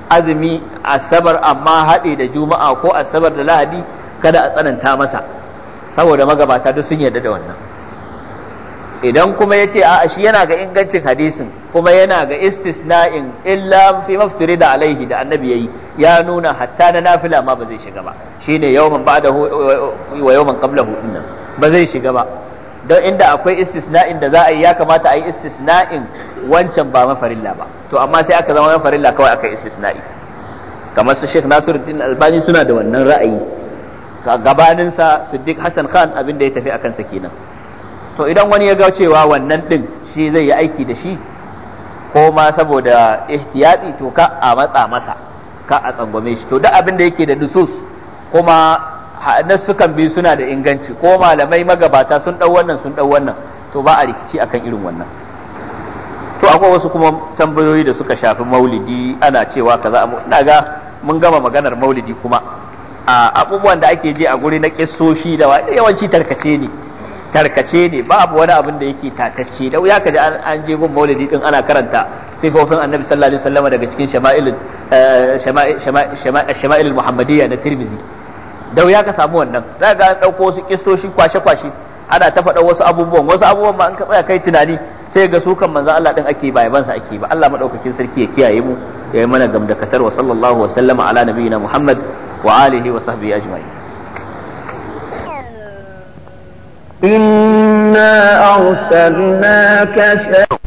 azumi asabar amma haɗe da juma'a ko asabar da lahadi kada a tsananta masa saboda magabata duk sun yarda da wannan idan kuma ya ce a'a shi yana ga ingancin hadisin kuma yana ga istisna'in illa fi maftiri da alaihi da annabi yayi ya nuna hatta na nafila ma ba zai shiga ba shine yawman ba'da wa yawman qablahu dinnan ba zai shiga ba don inda akwai istisna'in da za a yi ya kamata a yi istisna'in wancan ba mafarilla ba to amma sai aka zama mafarilla kawai aka istisna'i kamar su Sheikh Nasiruddin Albani suna da wannan ra'ayi ga gabaninsa Siddiq Hassan Khan abinda ya tafi akan sa kenan to idan wani ya ga cewa wannan ɗin shi zai yi aiki da shi ko ma saboda ihtiyati to ka a matsa masa ka a tsangwame shi to duk abin da yake da nusus kuma sukan bi suna da inganci ko malamai magabata sun dau wannan sun dau wannan to ba a rikici akan irin wannan to akwai wasu kuma tambayoyi da suka shafi maulidi ana cewa kaza ina ga mun gama maganar maulidi kuma a abubuwan da ake je a guri na kissoshi da yawanci tarkace ne tarkace ne babu wani abin da yake tatacce da wuya kaji an je gun maulidi din ana karanta sifofin annabi sallallahu alaihi wasallam daga cikin shama'il eh, shama'il muhammadiyya na tirmidhi da wuya ka samu wannan za ga dauko su kissoshi kwashe kwashe ana ta faɗa wasu abubuwan wasu abubuwan ma an ka tsaya kai tunani sai ga su kan manzo Allah din ake ba bansa ake ba Allah madaukakin sarki ya kiyaye mu ya yi mana gamdakatar wa sallallahu wa sallama ala nabiyina Muhammad wa alihi wa sahbihi ajma'in إنا أرسلناك شاهدا